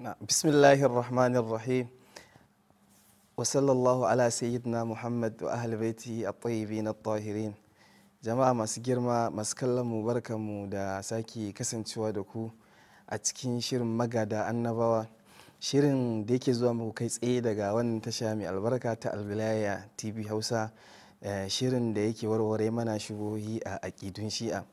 bismillahir rahmanir rahim wa ala sayyidina muhammad wa ahli baitihi at-tayyibin at jama'a masu girma masu kallon mu barka mu da sake kasancewa da ku a cikin shirin magada annabawa shirin da yake zuwa muku kai tsaye daga wannan tasha mai albarka ta albilaya tv hausa eh, shirin da yake warware mana shubuhi a aƙidun shi'a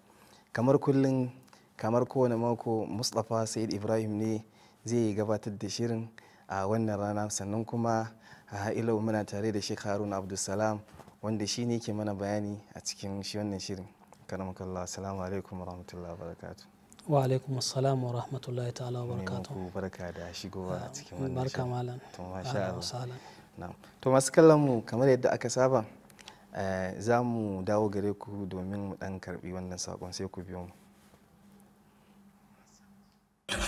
kamar kullum kamar kowane mako mustapha said ibrahim ne zai gabatar da shirin a wannan rana sannan kuma a ilau muna tare da Sheikh Haruna Abdulsalam wanda shi ne ke mana bayani a cikin shi wannan shirin. Karamakallah, assalamu alaikum warahmatullahi wabarakatuh. wa alaikum assalam wa rahmatullahi ta'ala wa barakatuhu barka da shigowa a cikin wannan barka malam to masha Allah to masu kallon mu kamar yadda aka saba eh, za mu dawo gare ku domin mu dan karbi wannan sakon sai ku biyo mu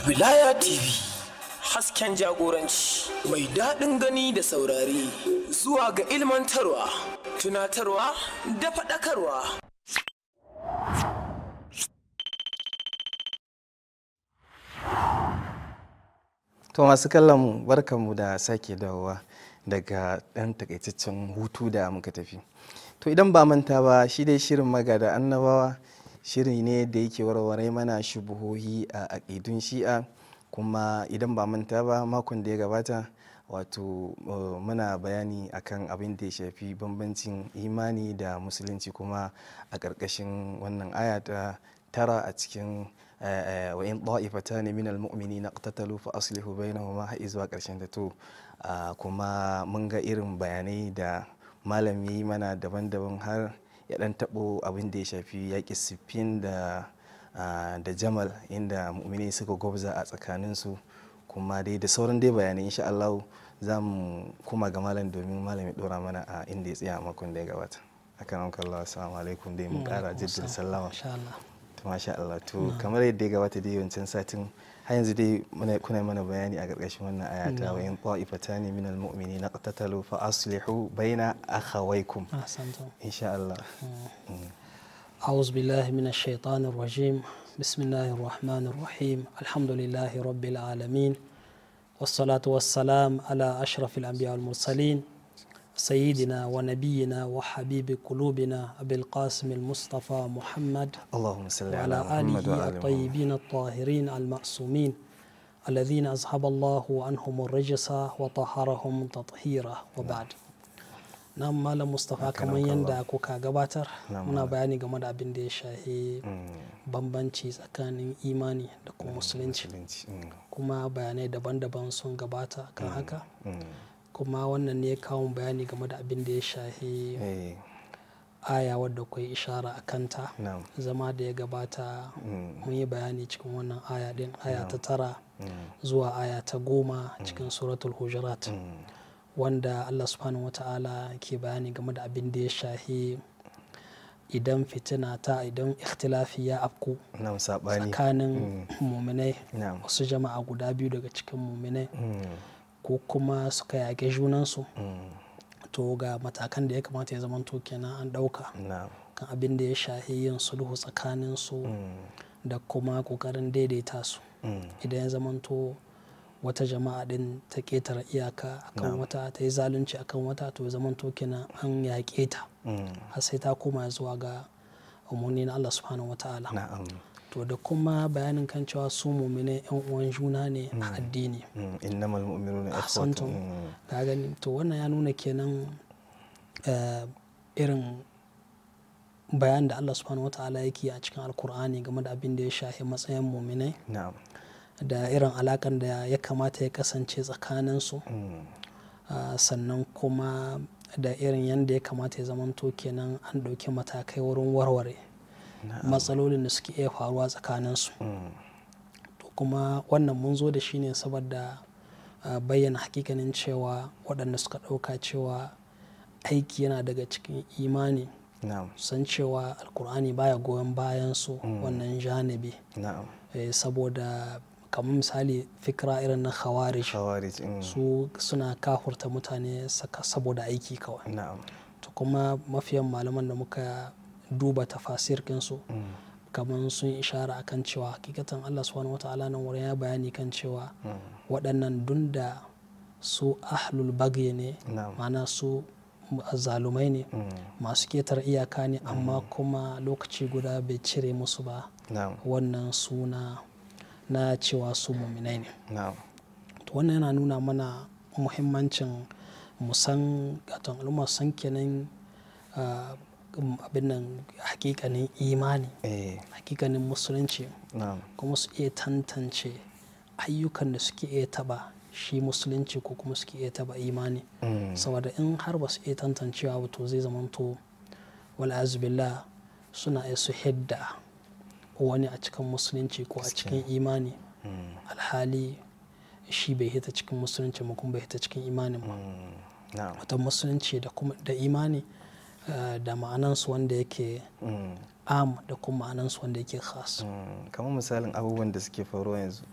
Wilaya TV hasken jagoranci mai daɗin gani da saurari zuwa ga ilmantarwa, tunatarwa da faɗakarwa. To masu kallon barkanmu da sake dawowa daga ɗan takaitaccen hutu da muka tafi. To idan ba manta ba shi dai shirin magada annabawa. shiri ne da yake warware mana shubuhohi a aƙidun shi'a kuma idan ba manta ba makon da ya gabata wato eh, muna bayani akan abin da ya shafi bambancin imani da musulunci kuma a ƙarƙashin wannan aya ta tara a cikin eh, eh, wa'in ɗa'ifata ne minal mu'mini na ƙtatalu fa aslihu bainahuma ha'i zuwa ƙarshen da to ah, kuma mun ga irin bayanai da yi mana daban-daban har ya dan tabo abin da ya shafi yaƙi siffin da da jamal inda mu'mini suka gwabza a tsakaninsu kuma dai da sauran dai bayanai insha Allah za mu kuma ga malam domin malami dora mana a inda ya tsaya a makon da ya gabata akan Allah assalamu alaikum dai mun kara jiddin sallama masha Allah to kamar yadda ya gabata dai wancan satin har yanzu dai kuna mana bayani a ƙarƙashin wannan aya ta wa in ta'ifatani minal mu'minina qatatalu fa aslihu baina akhawaykum ahsantum insha Allah أعوذ بالله من الشيطان الرجيم بسم الله الرحمن الرحيم الحمد لله رب العالمين والصلاة والسلام على أشرف الأنبياء والمرسلين سيدنا wa وحبيب wa أبي kulubina المصطفى محمد اللهم صل على آله الطيبين الطاهرين المعصومين الذين أذهب الله عنهم الرجس وطهرهم تطهيرا وبعد nan malam mustapha kamar yadda kuka gabatar muna bayani game da abin da ya shahi bambanci tsakanin imani da kuma musulunci kuma bayanai daban-daban sun gabata kan haka kuma wannan ne ya kawo bayani game da abin da ya shahi eh. aya wadda kwai ishara a kanta zama da ya gabata mm. mun yi bayani cikin wannan aya din aya ta tara mm. zuwa aya ta goma mm. cikin suratul hujurat wanda allah subhanahu wa ta'ala ke bayani game da abin da ya shahi idan fitina ta idan ikhtilafi ya afku tsakanin muminai wasu jama'a guda biyu daga cikin muminai ko kuma suka yaƙe junansu mm. to ga matakan da ya kamata ya zamanto kenan an ɗauka kan abin da ya shahi yin sulhu tsakaninsu mm. da kuma ƙoƙarin daidaita su mm. idan ya zamanto wata jama'a din ta ƙetare iyaka akan wata ta yi zalunci akan wata to ya zamanto kenan an yaƙe ta har sai ta koma zuwa ga umarni na Allah subhanahu wa ta'ala to da kuma bayanin kan cewa su mumine yan uwan juna ne a mm. addini mm, innamal mu'minuna ikhwatun mm. ka gani to wannan ya nuna kenan eh, irin bayan da Allah subhanahu wa ta'ala yake a cikin alkur'ani game da abin da ya shafi matsayin muminai da irin alakan da ya kamata ya kasance tsakaninsu ah, sannan kuma da irin yadda ya kamata ya zamanto kenan an ɗauki matakai wurin warware matsalolin da suke iya faruwa tsakaninsu to kuma wannan mun zo da shi ne saboda ah, bayyana hakikanin cewa waɗanda suka ɗauka cewa aiki yana daga cikin imani san cewa alkur'ani baya goyon bayan su mm. wannan janibi eh, saboda kamar misali fikira irin na khawarij mm. su suna kafurta mutane saboda aiki kawai to kuma mafiyan malaman da muka duba tafasir ɗinsu mm. kamar sun ishara akan cewa hakikatan Allah subhanahu wata'ala nan wurin ya bayani kan cewa mm. waɗannan dun da su ahlul bagye ne mana su zalumai ne mm. masu ketar iyaka ne amma kuma lokaci guda bai cire musu ba wannan suna na cewa su muminai ne to wannan yana nuna mana muhimmancin musan gatan al'umma san kenan ah, abin nan hakikanin imani eh. hakikanin musulunci kuma su iya tantance ayyukan da suke iya taba shi musulunci ko kuma suke iya taba imani mm. saboda in har ba su iya tantancewa ba to zai zamanto wal'azubillah suna iya su hidda wani a cikin musulunci ko a cikin imani mm. alhali shi bai hita cikin musulunci mu kuma bai hita cikin imani ba mm. wata musulunci da imani Eh, da ma'anansu wanda yake mm. am da kuma ma'anansu wanda yake khas mm. kamar misalin abubuwan da suke faruwa yanzu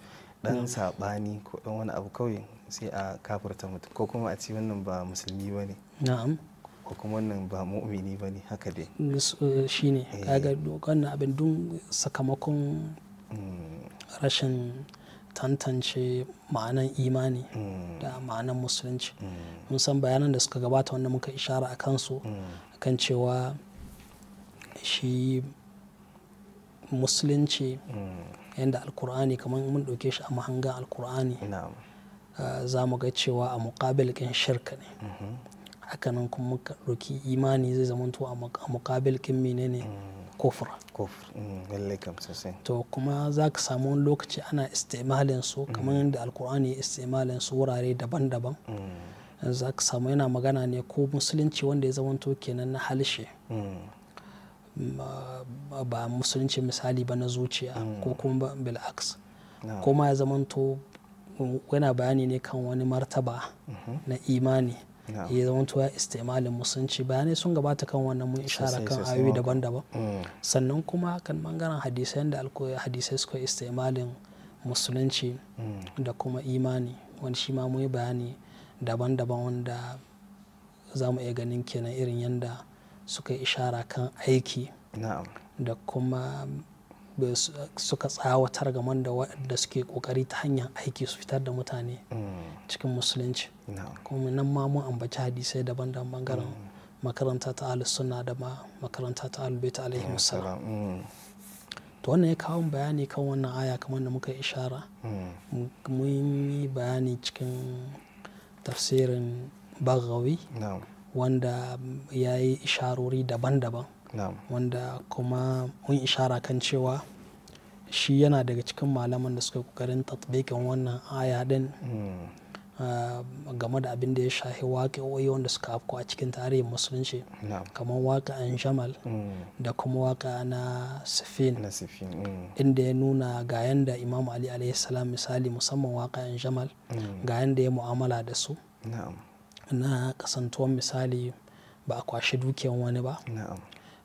dan mm. sabani ko dan wani abu kawai sai a kafirta mutum ko kuma a ce wannan ba musulmi ba ne na'am ko kuma wannan ba mu'mini ba ne haka dai eh, shine eh. kaga wannan abin dun sakamakon rashin tantance ma'anan imani da ma'anan musulunci mun san bayanan da suka gabata wanda muka ishara a kansu kan cewa shi musulunci mm. yadda alkur'ani kamar mun ɗauke shi a mahangan alkur'ani uh, za mu ga cewa a muƙabil shirka ne mm-hmm. hakanan kuma muka ɗauki imani zai zama to a muƙabil ƙin menene mm. kofura mm, to kuma za ka samu wani lokaci ana istimalin su kamar yadda alkur'ani ya istimalin su wurare daban-daban za ka samu yana magana ne ko musulunci wanda ya zamanto kenan na halshe hmm. ba musulunci misali ba na zuciya hmm. ko kuma ba bil'aks ko ma ya zamanto yana bayani ne kan wani martaba hmm. na imani ya zamanto ya istimalin musulunci bayanai sun gabata kan wannan mun ishara kan ayoyi daban-daban sannan kuma kan bangaren hadisai da hadisai suka istimalin musulunci da kuma imani wani shi ma mun yi bayani daban-daban wanda za mu iya ganin kenan irin yadda suka yi ishara kan aiki da kuma suka tsawatar ga da waɗanda suke ƙoƙari ta hanyar aiki su fitar da mutane mm. cikin musulunci kuma nan ma mun ambaci hadisai daban-daban bangaren mm. makaranta ta suna da ma makaranta ta albaita alaihi musallam mm. to wannan ya kawo bayani kan wannan aya kamar da muka ishara mun yi bayani cikin tafsirin bagawi wanda ya yi isharori daban-daban wanda kuma mun ishara kan cewa shi yana daga cikin malaman da suka kokarin tatbikin wannan aya din hmm. Ah, game da abin da ya shahi waƙoƙi wanda suka afko a cikin tarihin musulunci kamar waƙa jamal mm. da kuma waka na sifin mm. inda ya nuna ga yanda imam ali alayhi salam misali musamman waƙa jamal mm. ga yanda ya mu'amala da su na kasantuwan misali ba a kwashi dukiyan wani ba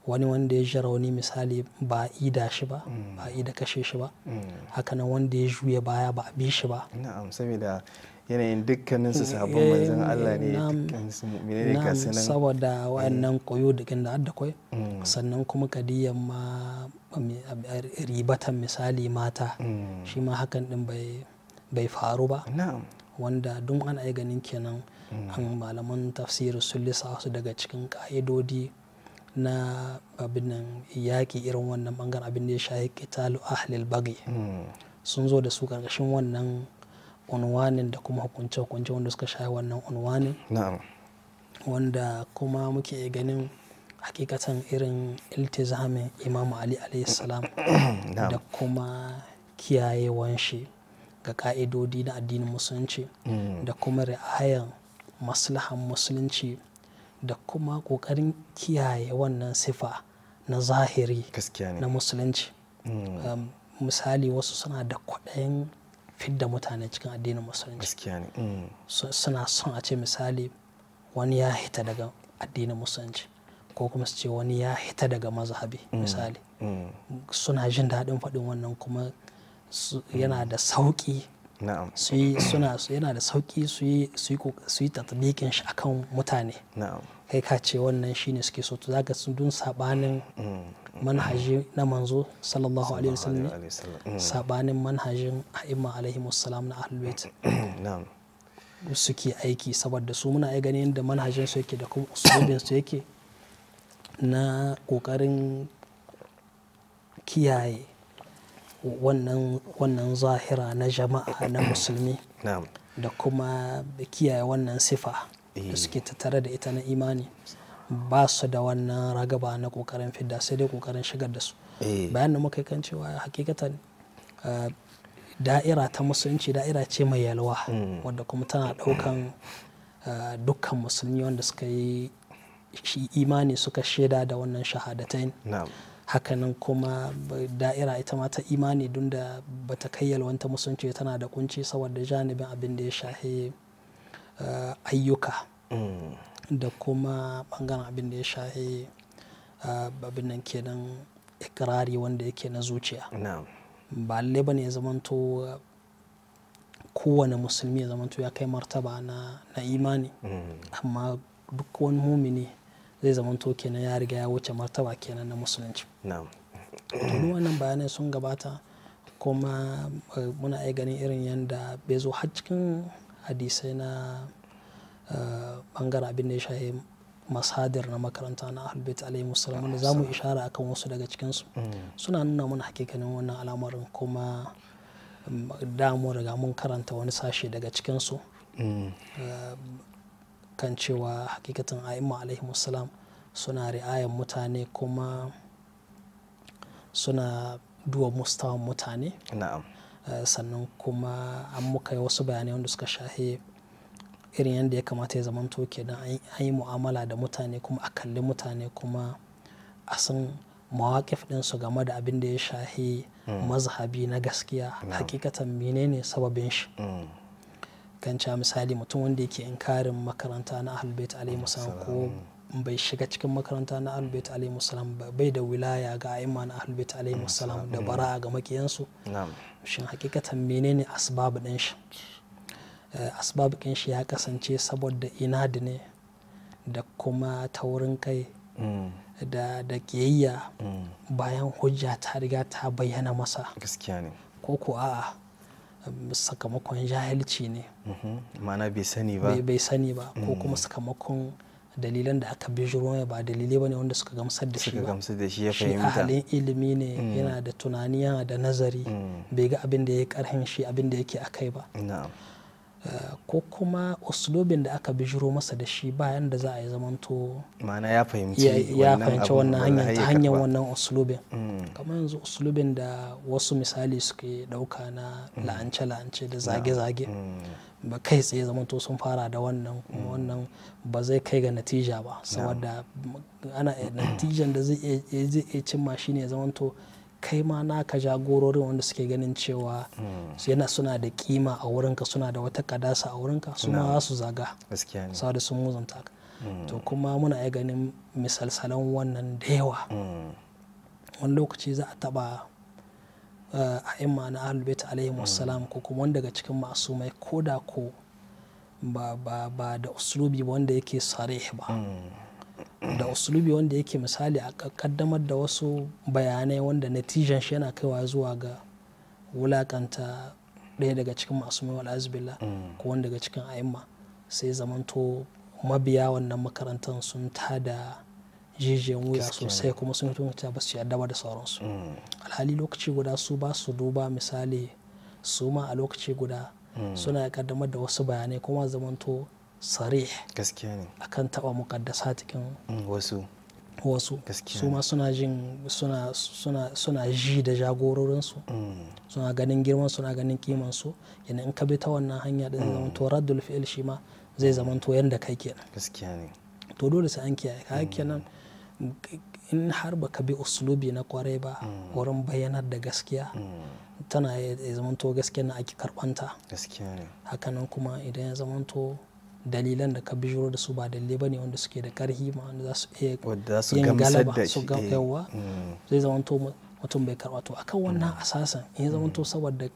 wani wanda ya ji rauni misali ba a ida shi ba ba a ida kashe shi ba hakanan wanda ya juya baya ba a bi shi ba yanayin dukkanin su eh, sabon manzon eh, Allah ne dukkan su mu'mini ne sanan saboda eh. wayannan koyo da kin da adda koi mm. sannan kuma kadiyan ma ribatan misali mata mm. shi ma hakan din bai faru ba wanda duk an yi ganin kenan mm. an malaman tafsiri sun su daga cikin ka'idodi na abin yaƙi irin wannan bangaren abin da ya shahi kitalu ahlil bagi sun zo da su ƙarƙashin wannan unwanin da kuma hukunce-hukunce wanda suka sha wannan unwanin wanda kuma muke ganin hakikatan irin iltizamin imamu ali salam da kuma kiyayewan shi ga ka'idodi na addinin musulunci mm. da kuma ri'ayan maslahan musulunci da kuma ƙoƙarin kiyaye wannan sifa na zahiri na musulunci mm. misali wasu suna da kwaɗayin fidda mutane cikin addinin musulunci mm. suna son a ce misali wani ya hita daga addinin musulunci ko kuma su ce wani ya hita daga mazhabi mm. misali mm. suna jin daɗin faɗin wannan kuma yana da sauƙi yana da sauƙi su yi shi akan mutane kai ka ce wannan shine suke so to sun dun sabanin manhajin na manzo sallallahu alaihi wasallam mm. sabanin manhajin a'imma alaihi wasallam na ahlul suke aiki saboda su muna aiki ganin da manhajin su yake da kuma usulubin su yake na kokarin kiyaye wannan zahira na jama'a na musulmi da kuma kiyaye wannan sifa da eh. suke tattare da ita na imani ba su da wannan ragaba na kokarin fidda sai dai kokarin shigar da su eh. bayan da muka yi kan cewa hakikatan eh, da'ira ta musulunci da'ira ce mai yalwa hmm. wadda kuma tana daukan eh, dukkan musulmi wanda suka yi imani suka shaida da wannan shahadatai hakanan kuma da'ira ita ma ta imani dun da ba ta kai ta musulunci tana da kunci saboda janibin abin da ya shahi ayyuka hmm. da kuma bangaren abin da ya shahi ah, abin nan kenan ikirari wanda yake na zuciya ba lalle ba ne ya zamanto kowane musulmi ya zamanto ya kai martaba na, imani mm. amma duk wani mumini zai zamanto kenan ya riga ya wuce martaba kenan na musulunci duk wannan bayanai sun gabata kuma eh, muna iya ganin irin yadda bai zo har cikin hadisai na bangaren abin da ya shaye masadir na makaranta na albert alayhi musulman wanda za mu ishara akan wasu daga cikinsu mm. suna nuna mana hakikanin wannan al'amarin kuma damu mm, daga mun karanta wani sashe daga cikinsu mm. eh, kan cewa hakikatin a'imma alayhi musulam suna ri'ayan mutane kuma suna duwa mustawan mutane eh, sannan kuma an muka yi wasu bayanai wanda suka shahe irin yadda ya kamata ya toke don an yi mu'amala da mutane kuma a kalli mutane kuma a san mawaƙif ɗinsu game da abin da ya shahi mm. mazhabi na gaskiya mm. hakikatan menene sababin shi mm. kan ca misali mutum wanda yake inkarin makaranta na ahlulbait alaihi ko bai shiga cikin makaranta na ahlulbait alaihi musallam bai da wilaya ga a'imma na ahlulbait alaihi musallam da bara ga makiyansu shin hakikatan menene asbab ɗin shi Eh, asbabikin shi ya kasance saboda inadi ne da kuma taurin kai mm. da kiyayya mm. bayan hujja ta riga ta bayyana masa gaskiya ne ko ko a'a sakamakon jahilci ne mana mm-hmm. bai sani ba bai sani ba ko mm. kuma sakamakon dalilan da aka bijiro mai ba dalilai ba ne wanda suka gamsar da shi ba gamsar da shi ya fahimta shi halin ilimi ne yana da tunani yana da nazari bai ga abin da ya karhin shi abin da yake akai ba na'am ko kuma uslubin da aka bijiro masa da shi bayan da za a yi zamanto ya fahimci wannan hanyar wannan uslubin mm. kamar yanzu uslubin da wasu misali suke dauka na mm. la'ance la'ance da zage-zage mm. ba kai tsaye zamanto sun fara da wannan kuma wannan ba zai kai ga natija ba saboda ana natijan da zai iya cimma shine zamanto kai ma naka jagororin wanda suke ganin cewa yana suna da kima a wurinka suna da wata kadasa a wurinka su ma su zaga saboda sun muzanta ka mm. to kuma muna iya ganin misalsalan wannan da yawa mm. wani lokaci za a taba eh, a imma na ahlulbaita alaihi wasalam mm. ko kuma wanda daga cikin masumai ko da ko ba da uslubi wanda yake sarih ba da usulubi wanda yake misali a kaddamar da wasu bayanai wanda natijan shi yana kaiwa zuwa ga wulakanta ɗaya daga cikin masu mai wal'azubila mm. ko wanda daga cikin a'imma sai zamanto mabiya wannan makarantar sun tada jijiyan wuya sosai kuma sun tunta ba su yarda ba da sauransu mm. alhali lokaci guda su ba su duba misali su ma a lokaci guda mm. suna kaddamar da wasu bayanai kuma zamanto sarih gaskiya ne akan taba cikin mm, wasu wasu su ma suna jin suna suna suna ji da jagororinsu mm. suna ganin girman suna ganin kiman su yana in ka bi ta wannan hanya din mm. zama to raddul fi'l shi ma zai zama to yanda kai kenan gaskiya ne to dole sai an kiyaye ka kenan in har baka bi uslubi na kwarai ba wurin bayyanar da gaskiya tana ya zamanto gaskiya na ake karbanta gaskiya ne hakanan kuma idan ya zamanto dalilan da ka bijiro da su ba dalilai ba ne wanda suke da karhi ma wanda za su iya yin galaba su ga eh, yawa mm. zai zamanto mutum bai karba to akan wannan mm. asasan in mm. zamanto saboda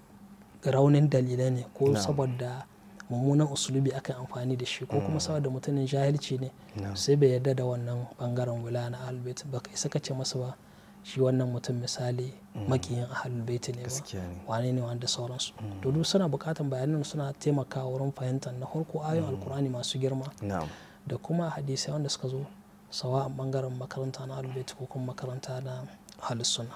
raunin dalilai ne ko saboda mummunan usulubi aka yi amfani da shi ko kuma saboda mutumin jahilci ne sai bai yarda da wannan bangaren wula na albert baka isa ka ce masa ba shi wannan mutum misali mm. makiyin ahalul baiti ne ba wane ne wanda sauransu mm. to duk suna bukatan bayanan suna taimakawa wurin fahimtar na farko ayon mm. alkurani masu girma da kuma hadisai wanda suka zo sawa a bangaren makaranta na ahalul baiti ko kuma makaranta na ahalus suna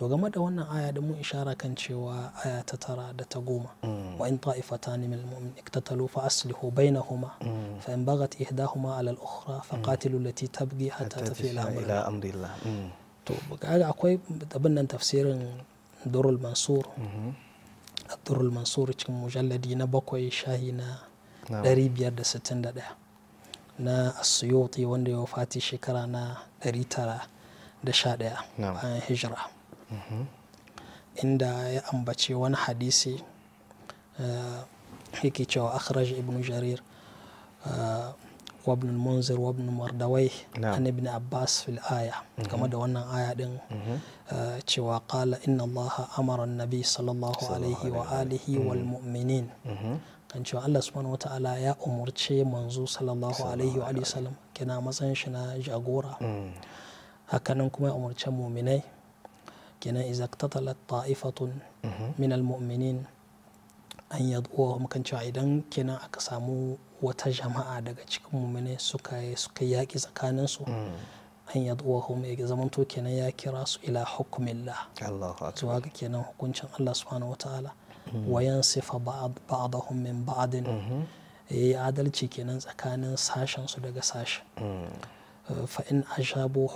to game da wannan aya da mun ishara kan cewa aya ta tara da ta goma mm. wa in ta'ifatan min almu'min iktatalu fa aslihu bainahuma mm. fa in bagat ihdahuma ala al-ukhra fa mm. qatilu allati tabghi hatta tafi ila amrillah to kaga akwai abin nan tafsirin durul mansur mm-hmm. durul mansur cikin mujalladi na bakwai shahi na 561 na asuyoti wanda ya wafati shekara na 911 bayan hijira inda ya ambace wani hadisi eh, yake cewa akhraj ibn jarir eh, wa ibn munzir wa ibn mardawai an ibn abbas fil aya mhm. game da wannan aya din mhm. eh, cewa qala inna allah amara nabi sallallahu alaihi wa alihi wal mhm. mu'minin kan cewa Allah subhanahu wata'ala ya umurce manzo sallallahu alaihi wa sallam kina matsayin shi na jagora mm. hakanan kuma ya umurce muminai kenan idza iqtatalat ta'ifatun min almu'minin an yad'uhum kan cewa idan kenan aka samu wata jama'a daga cikin mu'mine suka suka yaki tsakanin su an yad'uhum ya zamanto kenan ya kira su ila hukmillah zuwa ga kenan hukuncin Allah subhanahu wataala wa yansifa ba'dahum min ba'din yayi adalci kenan tsakanin sashen su daga sashen fa in ajabu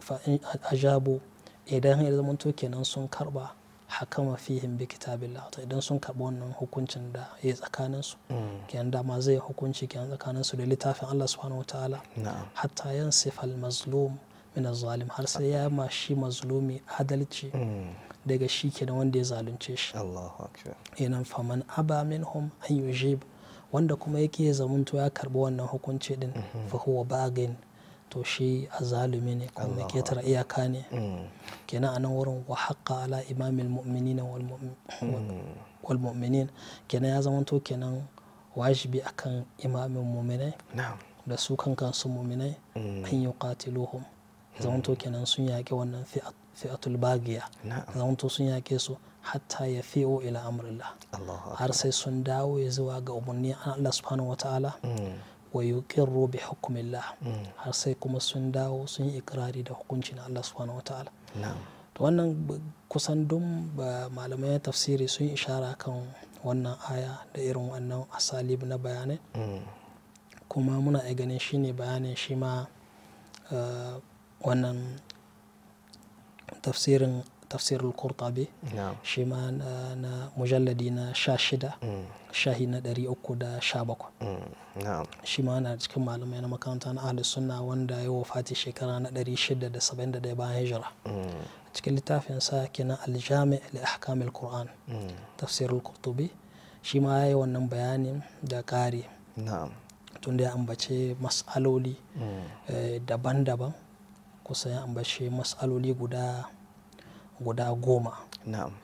fa in ajabu idan ya zamanto kenan sun karba haka mafihin bikita kitabillah idan sun karba wannan hukuncin da ya tsakanin su mm. kenan dama zai hukunci kenan tsakanin su da littafin Allah subhanahu wataala hatta yan sifal mazlum min zalim har sai ya ma shi mazlumi adalci mm. daga shi kenan wanda ya zalunce shi yanan faman aba minhum an yujib wanda kuma yake zamanto ya karba wannan hukunci din mm-hmm. fa huwa bagin to shi azalumi ne kuma iyaka ne mm. kenan a nan wurin wa haqqa ala imamil mu'minina wal mm. mu'minin kenan ya zama to kenan wajibi akan imamin mu'minai da su kan kansu mu'minai mm. an yi qatiluhum zama to kenan sun yaƙi wannan fi'atul bagiya zama to sun yaƙe su hatta ya fi'o ila amrillah har sai sun dawo zuwa ga umarni Allah subhanahu wataala wa yuqirru bi hukmillah mm. har sai kuma sun dawo sun yi ikrari da hukuncin Allah subhanahu wataala to wannan kusan duk malamai tafsiri sun ishara kan wannan aya da irin wannan asalib na bayanai mm. kuma muna iya ganin shine bayanin shi ma eh, wannan tafsirin تفسير القرطبي نعم ma na mujalladi na sha shida shahi na ɗari uku da sha bakwai cikin malamai na makaranta na sunna wanda ya wafati shekara na ɗari da saba'in bayan hijira cikin littafin sa kenan aljami li ahkamil qur'an tafsirul qurtubi shi ma yayi wannan bayanin da ƙari tunda ya ambace mas'aloli daban-daban kusa ya ambace mas'aloli guda guda goma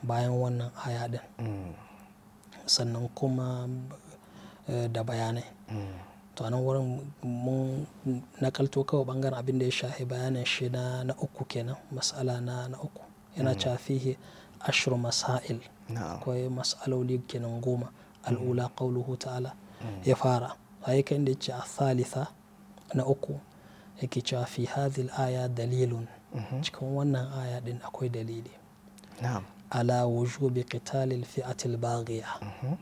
bayan wannan haya din mm. sannan kuma eh, da bayanai mm. to nan wurin mun nakalto kawai bangaren abin da ya shahi bayanin shi na na uku kenan mas'ala na na uku yana mm. cewa fihi ashru masail akwai mas'aloli kenan goma al'ula qauluhu ta'ala ya fara ayyukan da ya ce a thalitha na uku yake cewa fi hadhihi aya dalilun cikin wannan aya din akwai dalili ala wujubi qitalil fi'atil baghiya mhm.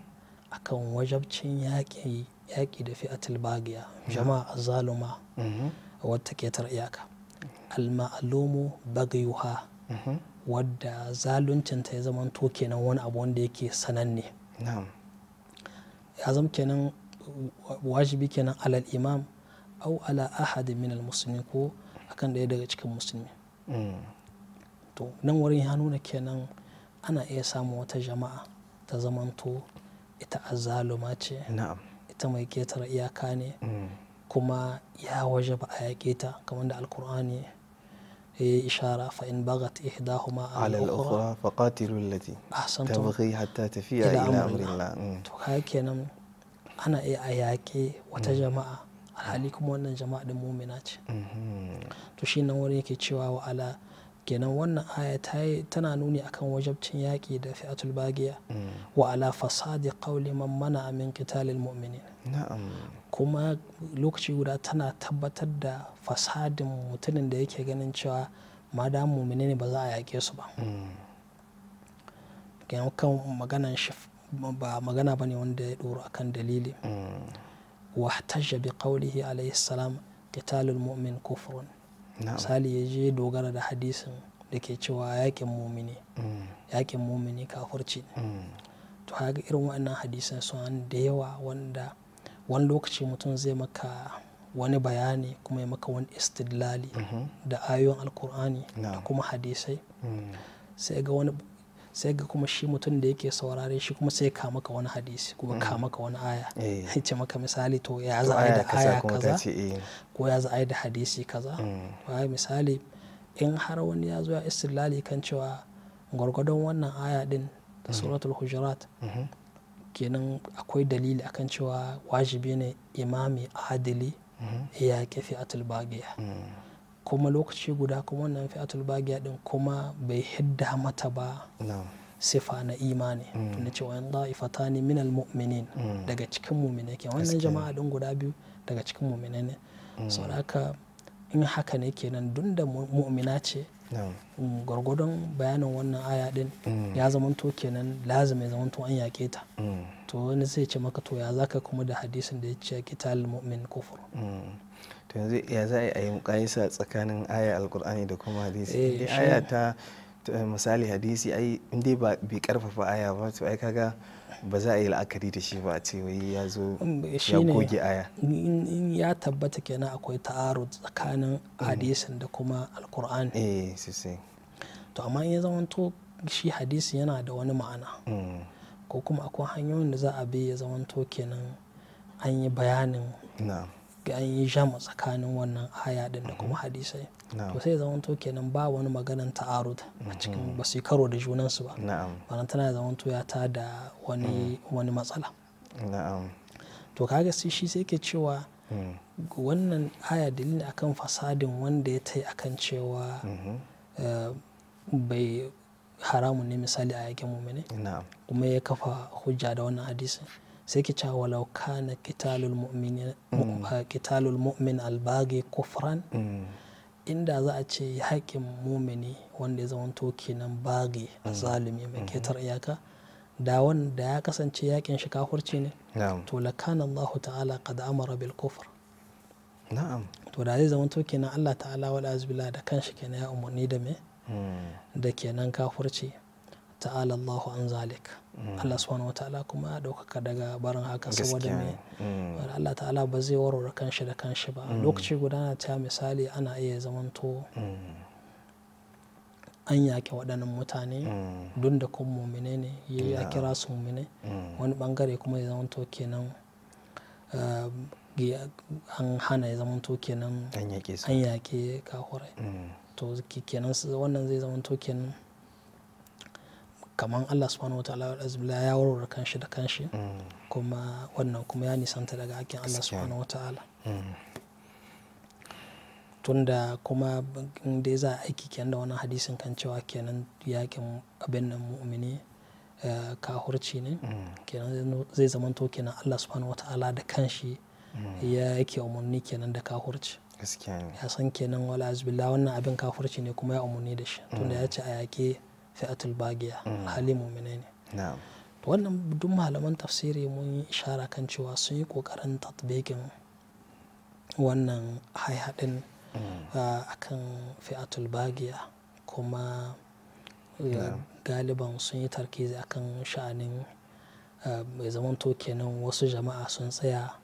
akan wajabcin yaƙi yaƙi da fi'atil baghiya jama'a zaluma mhm. wadda ke tar iyaka al-ma'lumu baghiyuha mhm. wadda zaluncinta ya zama to kenan wani abu wanda yake sananne ya zama kenan wajibi kenan alal imam au ala ahadin min al-muslimin ko akan daya daga cikin musulmi to nan wurin ya nuna kenan ana iya samun wata jama'a ta zamanto ita azaluma ce ita mai ketar iyaka ne mm. kuma ya waje ba a yaƙe ta kamar da alkur'ani ya yi ishara fa in bagat ihdahuma ala al-ukhra fa qatilu allati hatta tafiya ila mm. to haka kenan ana iya a yaƙe wata mm. jama'a alhali kuma wannan jama'a din mumina ce mm-hmm. to shi nan wani yake cewa wa ala kenan wannan aya tana nuni akan wajabcin yaƙi da fi'atul bagiya mm. wa ala fasadi qawli man mana amin qitalil mu'minin kuma lokaci guda tana tabbatar da fasadin mutumin da yake ganin cewa madam mu'mini ne ba za a yaƙe su ba mm. kan maganan shi ba magana bane wanda ya doro akan dalili mm. wahtajja bi qawlihi alayhi salam qitalul mu'min kufrun misali ya je dogara da hadisin da ke cewa yakin mumini yakin mumini kafurci to haka irin waɗannan hadisan sun da yawa wanda wani lokaci mutum zai maka wani bayani kuma ya maka wani istidlali da ayoyin alkur'ani da kuma hadisai sai ga wani sai ga kuma shi mutum da yake saurare shi kuma sai ka maka wani hadisi kuma ka mm. maka wani aya eh. ce maka misali to ya za a yi da aya kaza eh. ko ya za a yi da hadisi kaza mm. misali in har wani ya zo ya istilali kan cewa gwargwadon wannan aya din da mm. suratul hujurat mm-hmm. kenan akwai dalili akan cewa wajibi ne imami adili mm-hmm. ya kafi atul bagiya kuma lokaci guda kuma wannan fi'atul bagiya din kuma bai hidda mata ba sifa na imani mm. na cewa yan da'ifata ne minal mu'minin mm. daga cikin ke wannan jama'a din guda biyu daga cikin mu'minai ne mm. saboda haka in haka ne kenan dun da mu'mina ce gwargwadon bayanin wannan aya din ya zamanto kenan lazima ya zamanto an yaƙe ta to wani zai ce maka to ya zaka kuma da hadisin da ya ce kital mu'min kufur to yanzu ya za a yi mukayisa tsakanin aya alkur'ani da kuma hadisi eh, dai aya ta misali hadisi ai inda ba bi karfafa aya ba to ai kaga ba za a yi la'akari da shi ba a ce wai ya zo um, ya goge aya ya tabbata kenan akwai ta'aru tsakanin mm. hadisin da kuma alkur'ani eh sosai to amma ya zama to shi hadisi yana da wani ma'ana mm. ko kuma akwai hanyoyin da za a bi ya zama to kenan an yi bayanin ga an yi jama tsakanin wannan aya din da kuma mhm. hadisai to sai to kenan ba wani maganan ta'arud a cikin mhm. ba su karo da junansu ba wannan tana zamanto ya ta da wani mhm. wani matsala to kaga sai shi sai ke cewa wannan aya dalili akan fasadin wanda ya tai akan cewa eh, bai haramun ne misali a yakin ne kuma ya kafa hujja da wannan hadisin sai ki cewa walau kana qitalul mm. ah, mu'min mu'min albagi kufran mm. inda za a ce haƙin mumini wanda ya zamanto kenan bagi mm. zalimi mai mm-hmm. ketar iyaka da wanda ya kasance yakin shi kafurci ne to kana Allah ta'ala qad amara bil kufr na'am to da zai zamanto kenan Allah ta'ala wala azbila da kanshi kenan ya umarni da me da kenan kafurci ta'ala Allahu an zalik mm. Allah subhanahu wa ta'ala kuma ya ɗaukaka daga barin haka saboda me mm. Allah ta'ala ba zai warware kanshi da kanshi ba mm. lokaci guda na ta misali ana iya zamanto an yaƙi waɗannan mutane duk da kun mumine ne ya kira su mumine wani bangare kuma ya zamanto kenan um, an hana ya zamanto kenan an yaƙe kahurai to kenan wannan zai zamanto kenan kamar Allah subhanahu wa ta'ala ya warware kanshi da kanshi kuma wannan kuma ya nisanta daga hakkin Allah subhanahu wa ta'ala mm. tunda kuma da za a aiki kenan da wannan hadisin kan cewa kenan yakin abin nan mu'mini eh, kahurci ne mm. kenan zai to kenan Allah subhanahu wa ta'ala da kanshi mm. ya yake umarni kenan da kahurci ya san kenan wala azbillah wannan abin kahurci ne kuma ya umarni da shi tunda ya ce a yake fi'atul bagiya mm. hali mummina ne wannan duk malaman tafsiri mun yi ishara kan cewa sun yi kokarin tatbikin wannan haihadin mm. a kan fi'atul bagiya kuma uh, galiban sun yi tarkizi akan sha'anin mai uh, zamanto kenan wasu jama'a sun tsaya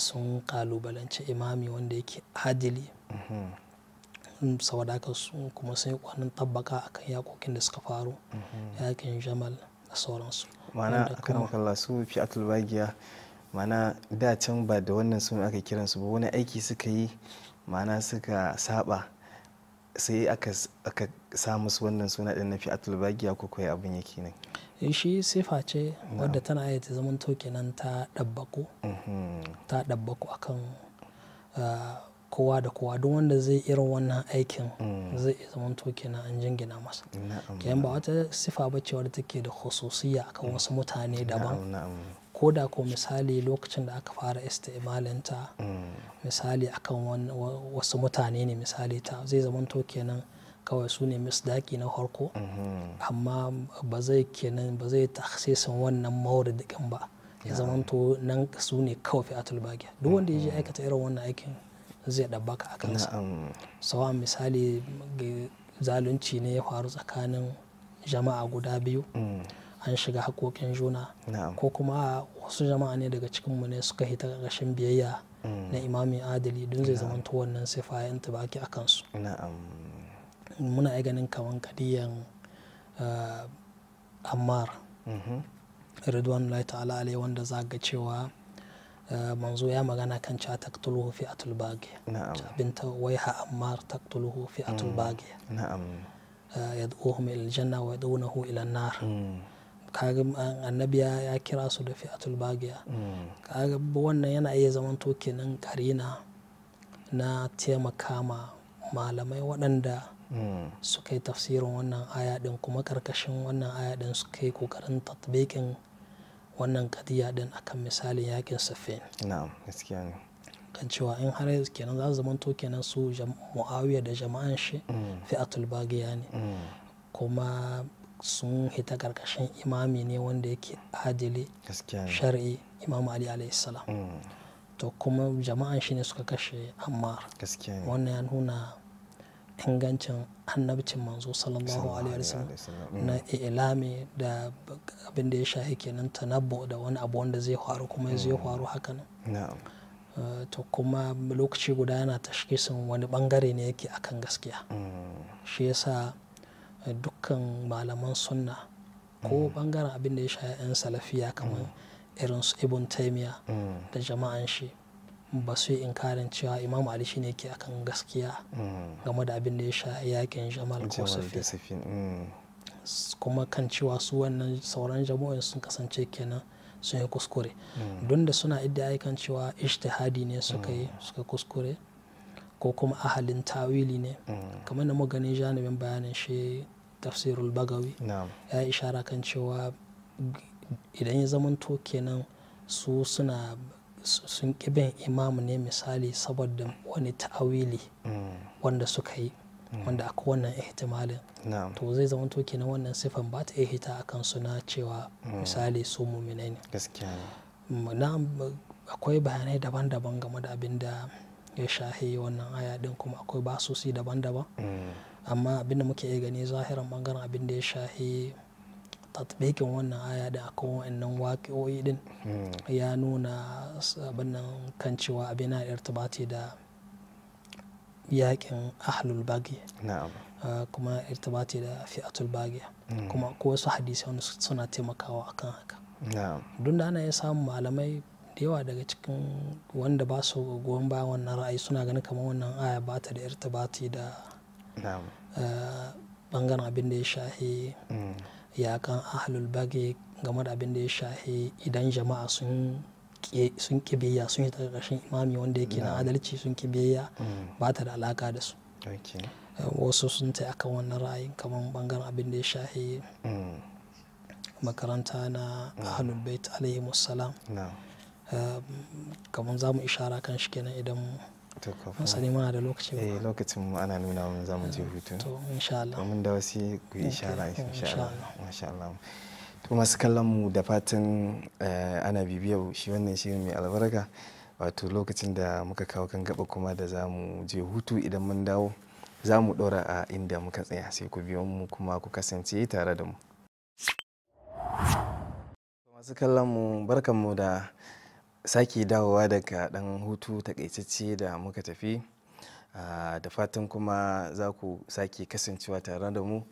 sun kalubalance imami wanda yake adili mm-hmm. saboda kuma sun yi kwanan tabbaka akan yakokin da suka faru mhm. yakin jamal da sauransu Mana akan makalla su fi atulbagiya mana da can ba da wannan sun aka kiransu ba wani aiki suka yi mana suka saba sai aka sa musu wannan suna din na fi'atul bagiya ko kai abin yake ne eh, shi sifa ce wadda tana iya ta zaman kenan ta ɗabbako mhm. ta ɗabbako akan ah, kowa da kowa duk wanda zai irin wannan aikin mm. zai zama to kenan an jingina masa kenan ba wata sifa ba ce wadda take da a akan wasu mm. mutane daban ko da ko misali lokacin da aka fara istimalinta mm. misali akan wasu mutane ne misali ta zai zama to kenan kawai su ne misdaki na harko mm-hmm. amma ba zai kenan ba zai taksisin wannan mauridin ba ya zamanto nan su ne kawai fi bagiya duk wanda ya je mm-hmm. aikata irin wannan aikin zai ɗabbaka a kansa sawa misali zalunci ne ya faru tsakanin jama'a guda biyu mm. an shiga haƙoƙin juna ko kuma wasu jama'a ne daga cikinmu ne suka hita ƙarshen biyayya mm. na imamin adali don zai zamanto wannan sifa yan baki a kansu muna yi ganin kaman kadiyan eh, ammar mm-hmm. ridwan lai ta'ala alai wanda za ga cewa Eh, manzo ya magana kan cewa taqtuluhu fi atul bagi binta waiha ammar taqtuluhu fi atul mm. bagi eh, yad'uhum ila aljanna wa yad'unahu ila nar mm. kaga eh, annabiya ya kira su da fi bagiya mm. kaga wannan yana iya zamanto kenan karina na taimaka ma malamai waɗanda suka yi tafsirin wannan aya din kuma karkashin wannan aya din suka yi kokarin tatbikin wannan kadiya din akan misalin yakin safin na'am gaskiya ne kan cewa in har kenan za su zamanto kenan su muawiya da jama'an shi mm. fi'atul bagiya ne mm. kuma sun hita karkashin imami ne wanda yake adili shar'i imamu ali alayhi salam mm. to kuma jama'an shi ne suka kashe ammar wannan ya nuna ingancin annabcin manzo sallallahu alaihi wasallam na ilami da abin da ya shahi kenan tanabbu da wani abu wanda zai faru kuma zai mm. faru haka nan eh, to kuma lokaci guda yana tashkisin wani bangare ne yake akan gaskiya mm. shi yasa eh, dukkan malaman sunna ko mm. bangaren abin da ya shahi 'yan salafiya kamar irin su ibn taimiya da jama'an shi ba su yi inkarin cewa imam ali shine ke akan gaskiya game da abin da ya sha yakin jamal kosofi mm. kuma kan cewa su wannan sauran jama'o'in sun kasance kenan sun yi kuskure mm. don da suna idda kan cewa ishtihadi ne suka yi mm. suka kuskure ko kuma ahalin tawili ne kamar da maganin janibin bayanin shi tafsirul bagawi ya ishara kan cewa idan ya zamanto kenan su suna sun bin imamu ne misali saboda wani ta'awili mm. wanda suka yi mm. wanda aka wannan ihtimalin to zai zama to kenan wannan sifan ba ta iya hita a suna suna cewa mm. misali su muminai ne akwai bayanai daban-daban game da abin da ya shahi wannan aya din kuma akwai basusi daban-daban amma abin da muke gani zahiran bangaren abin da ya shahi tatbikin wannan aya da akan wa'annan waƙoƙi din hmm. ya nuna abin nan kan cewa abin na irtibati da yakin ahlul bagiya ah, kuma irtibati da fi'atul bagiya hmm. kuma ko wasu hadisi wani suna taimakawa akan haka duk da ana yin samun malamai da yawa daga cikin wanda ba su goyon bayan wannan ra'ayi suna ganin kamar wannan aya ba ta da irtibati da bangaren ah, abin da ya shahi hmm. yakan ahlul bagi game da abin da ya shahi idan jama'a sun sun kibiyya sun yi ƙarƙashin imami wanda yake na adalci sun kibiyya mm. ba ta da alaka da su eh, wasu sun ta akan wannan ra'ayin kamar bangaren abin da ya shahi mm. makaranta na ahlul bait alaihi salam eh, kamar za mu ishara kan shi kenan idan masani muna da lokaci eh lokacin mu ana nuna mun za mu je eh, hutu to insha Allah mun da wasi ku ishara insha Allah masha Allah to masu kallon mu da fatan eh, ana bibiyar shi wannan shirin mai albarka wato lokacin da muka kawo kan gaba kuma da za mu je hutu idan mun dawo za mu ɗora a inda muka tsaya sai ku biyo mu kuma ku kasance tare da mu masu kallon mu barkan mu da sake dawowa daga ɗan hutu takaitacce da muka tafi ah, da fatan kuma za ku sake kasancewa tare da mu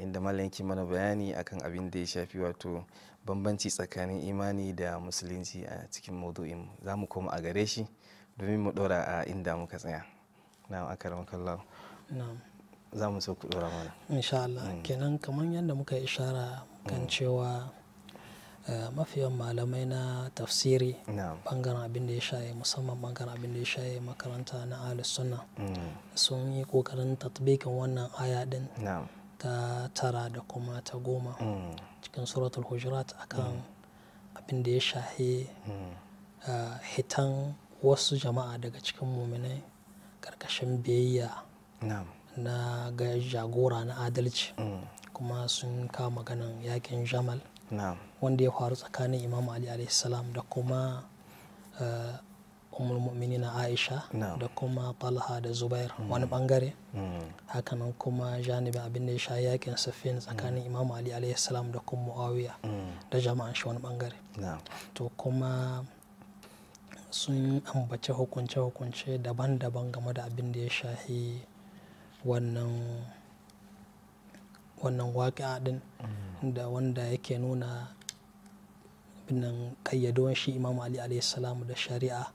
inda malam mana bayani akan abin da ya shafi wato bambanci tsakanin imani da musulunci a cikin maudu'in za mu koma a gare shi domin mu ɗora a inda muka tsaya na akaramakallahu na'am za mu so ku ɗora mana insha Allah mm. kenan kamar yadda muka ishara kan mm. cewa Eh, mafiyan malamai na tafsiri bangaren abin da ya shaye musamman bangaren abin da ya shaye makaranta na alisunna sunna mm. sun yi kokarin tatbikin wannan aya din ta tara da kuma ta goma mm. cikin suratul hujurat akan mm. abin da ya shahe eh, hitan wasu jama'a daga cikin muminai karkashin biyayya na ga jagora na adalci kuma sun kama ganin yakin jamal wanda ya faru tsakanin imam ali salam da kuma eh, umar mu'minina aisha da kuma talha da zubair wani bangare mm. hakanan kuma janibin abin da ya sha yakin safin tsakanin imam ali salam da kuma muawiya mm. da jama'an shi wani bangare to kuma sun ambace hukunce-hukunce daban-daban game da abin da ya shahi wannan wannan waƙa ɗin da wanda yake nuna binan ƙayyadon shi imam ali salam da shari'a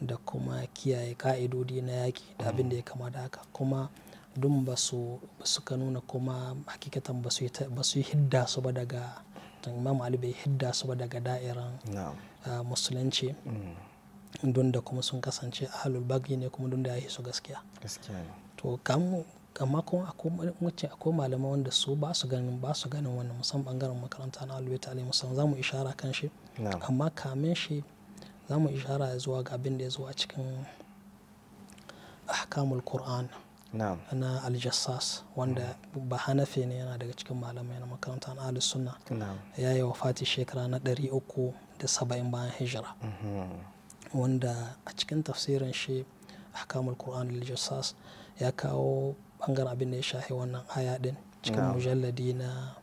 da kuma kiyaye ka'idodi na yaƙi da abin da ya kama da haka kuma dun ba su suka nuna kuma hakikatan ba su yi hidda su ba daga imam ali bai hidda su ba daga da'iran ah, musulunci mm. don da kuma sun kasance ahalul bagi ne kuma don da ya su gaskiya to amma kuma akwai mace akwai malamai wanda su ba su ganin ba su ganin wannan musamman bangaren makaranta na alweta musamman za mu ishara kan shi amma kamin shi za mu ishara zuwa ga abin da ya zo a cikin ahkamul qur'an na aljassas wanda ba hanafi ne yana daga cikin malamai na makaranta na ahlus sunna ya yi wafati shekara na ɗari uku da saba'in bayan hijira mhm. wanda a cikin tafsirin shi ahkamul qur'an aljassas ya kawo bangaren abin da ya shahi wannan aya din cikin mujalladi na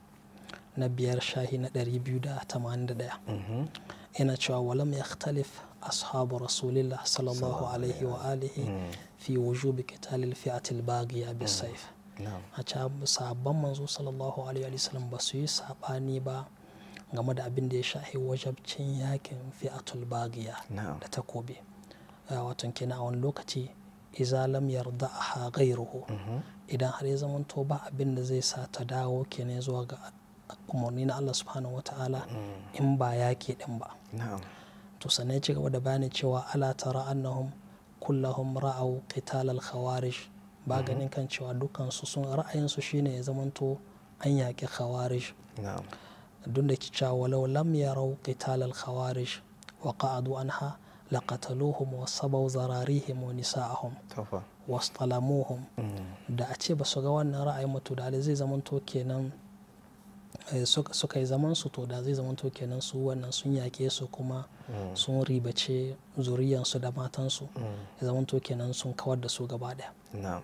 na biyar shahi na ɗaya. Mhm. yana cewa walam yakhtalif ashabu rasulillah sallallahu alaihi wa alihi mm. fi wujubi kitalil fi'atil baghiya bisayf mm. a sabon manzo sallallahu alaihi wa sallam ba su yi sabani ba game da abin da ya shahi wajabcin yakin fi'atul bagiya da takobi eh, watan kina a wani lokaci iza lam yarda ha ghairuhu idan har ya zamanto ba abin da zai sa ta dawo kenan zuwa ga umarni na Allah subhanahu wa ta'ala in ba ya ke din ba to ya ci gaba da bani cewa ala tara annahum kullahum ra'aw qital al khawarij ba mhm. ganin kan cewa dukkan su sun ra'ayin su shine ya zamanto an yaki khawarij duk da cewa walau lam yarau qital al khawarij wa qa'adu anha laqataluhum wa sabau zararihim wa nisa'ahum wasu talamuhum da a ce ba su ga wannan ra'ayin mutu da zai to kenan eh, suka yi zaman su to da zai zamanto kenan su wannan sun yaƙe su kuma mm. sun ribace zuriyansu da matansu mm. ya to kenan sun kawar da su gaba ɗaya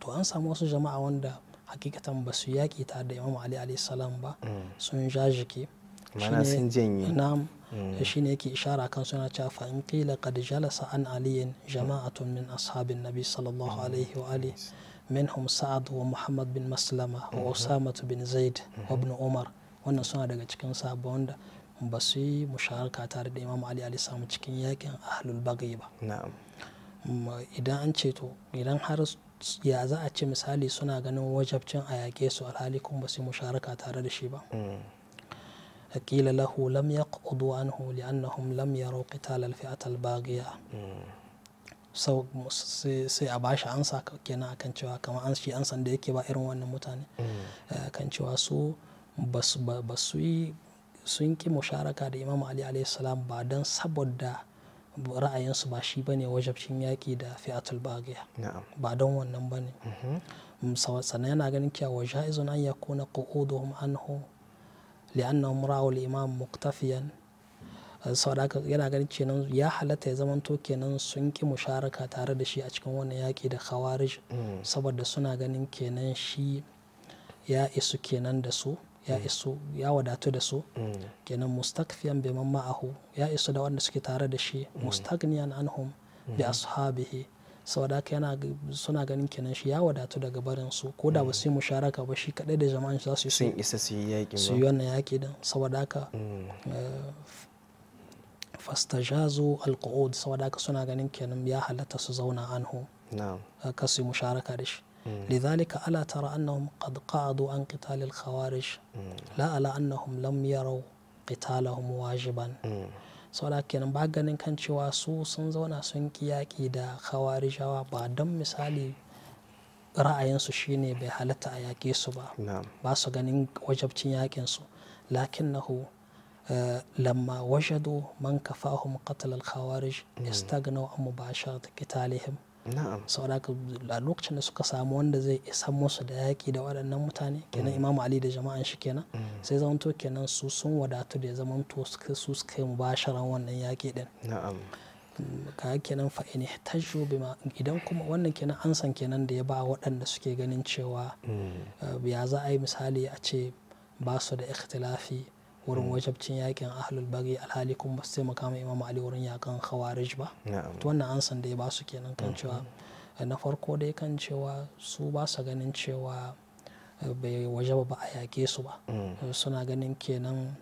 to an samu wasu jama'a wanda hakikatan ba su yaƙi ta da imam ali salam ba mm. sun jajike mana sun janye na'am mm. shi ne yake ishara kan suna cewa fa in kila qad jalasa an aliyin jama'atun min ashabin nabi sallallahu alaihi wa alihi minhum sa'ad wa muhammad bin maslama wa mm-hmm. usama bin zaid wa ibn mm-hmm. umar wannan suna daga cikin sahabba wanda ba su yi musharaka tare da imam ali ali samu cikin yakin ahlul bagai ba mm, idan an ce idan har ya za a ce misali suna ganin wajabcin a yaƙe su alhali kuma ba su yi musharaka tare da shi ba mm. قيل له لم يقضوا عنه لأنهم لم يروا قتال الفئة الباغية sau sai a bashi ansa kenan akan cewa kamar an shi ansan da yake ba irin wannan mutane eh, kan cewa su ba su yi sun ki musharaka da imam ali alayhi salam ba don saboda ra'ayinsu ba shi bane wajabcin yaƙi da fi'atul bagiya ba don wannan bane mm-hmm. mm, sannan yana ganin kyawa ja'izun an yakuna qu'uduhum anhu li'annahu ra'u al-imam muqtafiyan saboda yana ganin kenan ya halatta ya zamanto kenan sun ki musharaka tare da shi a cikin wannan yaki da khawarij mm. saboda suna ganin kenan shi ya isu kenan da su ya mm. isu ya wadatu da su mm. kenan mustakfiyan bi man ma'ahu ya isu da wanda suke tare da shi mustagniyan anhum bi ashabihi saboda haka yana suna ganin kenan shi ya wadatu daga barin su ko da ba su yi musharaka ba shi kadai da jama'an za su yi sun isa su yi yaƙi su yi wannan yaƙi din saboda haka mm. eh, fastajazu alqud saboda suna ganin kenan ya halatta su zauna anhu eh, ka su yi musharaka da shi لذلك ألا ترى أنهم قد قعدوا عن قتال الخوارج لا ألا أنهم لم يروا قتالهم واجبا saboda kenan ba ganin kan cewa su sun zauna sun ki yaƙi da khawarijawa ba don misali ra'ayinsu shine bai halatta a yaƙe su ba ba su ganin wajabcin yaƙin su nahu eh, lamma wajadu man kafahum qatl al-khawarij mm. istagnaw an mubasharat qitalihim na'am a lokacin da suka samu wanda zai isa musu da yaƙi da waɗannan mutane kenan mm. imam ali da jama'an shi kenan mm. sai zamanto kenan su sun wadatu da ya zamanto su suka yi wannan yaƙi din na'am ka kenan fa in ihtajju bima idan kuma wannan kenan an san kenan da ya ba waɗanda suke ganin cewa mm. eh, ya za a yi misali a ce ba su da ikhtilafi wurin mm. wajabcin yakin ahlul bari alhali kuma ba su taimaka ma imam ali wurin yakan khawarij ba to wannan ansan da ya ba su kenan kan mm-hmm. cewa eh, na farko dai kan cewa su ba su ganin cewa eh, bai wajaba ba a yake su ba mm. eh, suna ganin kenan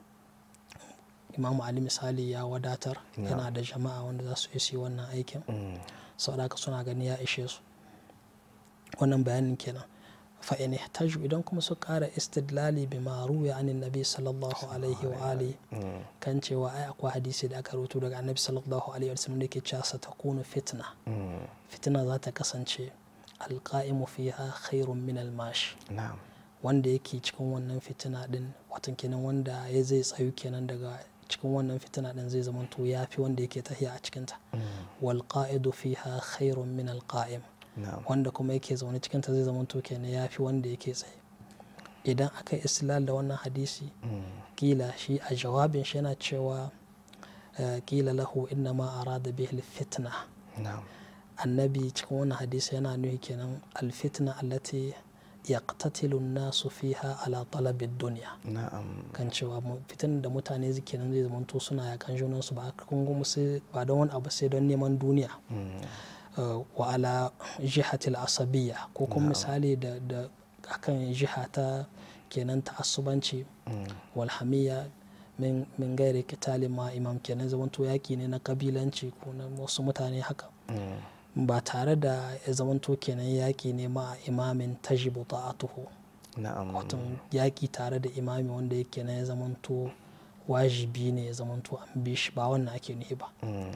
Imam ali misali ya wadatar yana da jama'a wanda za su isi wannan aikin mm. saboda haka suna gani ya ishe su wannan bayanin kenan fa in ihtaju idan kuma su ƙara istidlali bi ma'ruwi anin nabi sallallahu alaihi wa ali kan cewa ai akwai hadisi da aka rubuto daga annabi sallallahu alaihi wa sallam da ke cewa sa fitna fitna za ta kasance alqa'imu fiha khairun min almash wanda yake cikin wannan fitina din watan kenan wanda ya zai tsayu kenan daga cikin wannan fitina din zai zamanto yafi wanda yake tahiya a cikinta mm. wal qa'idu fiha khairun min alqa'im wanda kuma yake zaune cikin ta zai zama to kenan ya fi wanda yake tsaye idan aka istilal da wannan hadisi mm. kila shi a jawabin shi yana cewa eh, kila lahu inna ma arada bihi fitna annabi cikin wannan hadisi yana nuhi kenan alfitna allati yaqtatilu nasu fiha ala talabi dunya na'am kan cewa fitan da mutane suke nan zai zamanta suna yakan junan su ba kungumu ba don wani abu sai don neman duniya mm. wa ala jihatil asabiyya ko kuma misali da akan jiha ta kenan ta asubanci mm. walhamiya min gairi kitali ma imam kenan zamanto yaki ne na kabilanci ko na wasu mutane haka mm. ba tare da ya zamanto kenan yaki ne ma imamin tajibu ta'atuhu wato yaki tare da imami wanda yake na ya zamanto wajibi ne ya zamanto an bi shi ba wannan ake ne ba mm.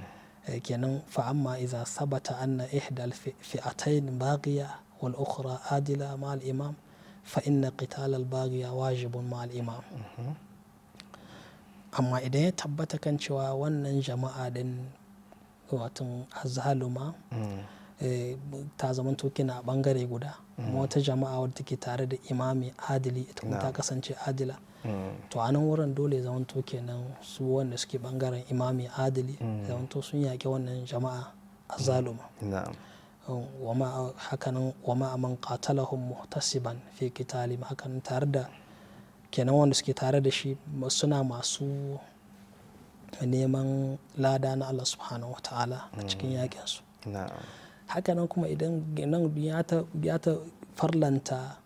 آه، كنن فعما إذا ثبت أن إحدى الفئتين باقية والأخرى عادلة مع الإمام فإن قتال الباقية واجب مع الإمام أما إذا ثبت كان شوى جماعة دن أزهلوا ما Eh, ta zamanto kina bangare guda mm. wata jama'a wadda take tare da imami adili ita kuma ta kasance adila mm. to a nan wurin dole zamanto kenan su wanda suke bangaren imami adili mm. zamanto sun yaƙi wannan jama'a a zaluma hakanan wama man qatalahum muhtasiban fi qitalihim hakanan tare da kenan wanda suke tare da shi suna masu neman lada na Allah subhanahu wa a cikin yakin su hakanan kuma idan nan ya ta farlanta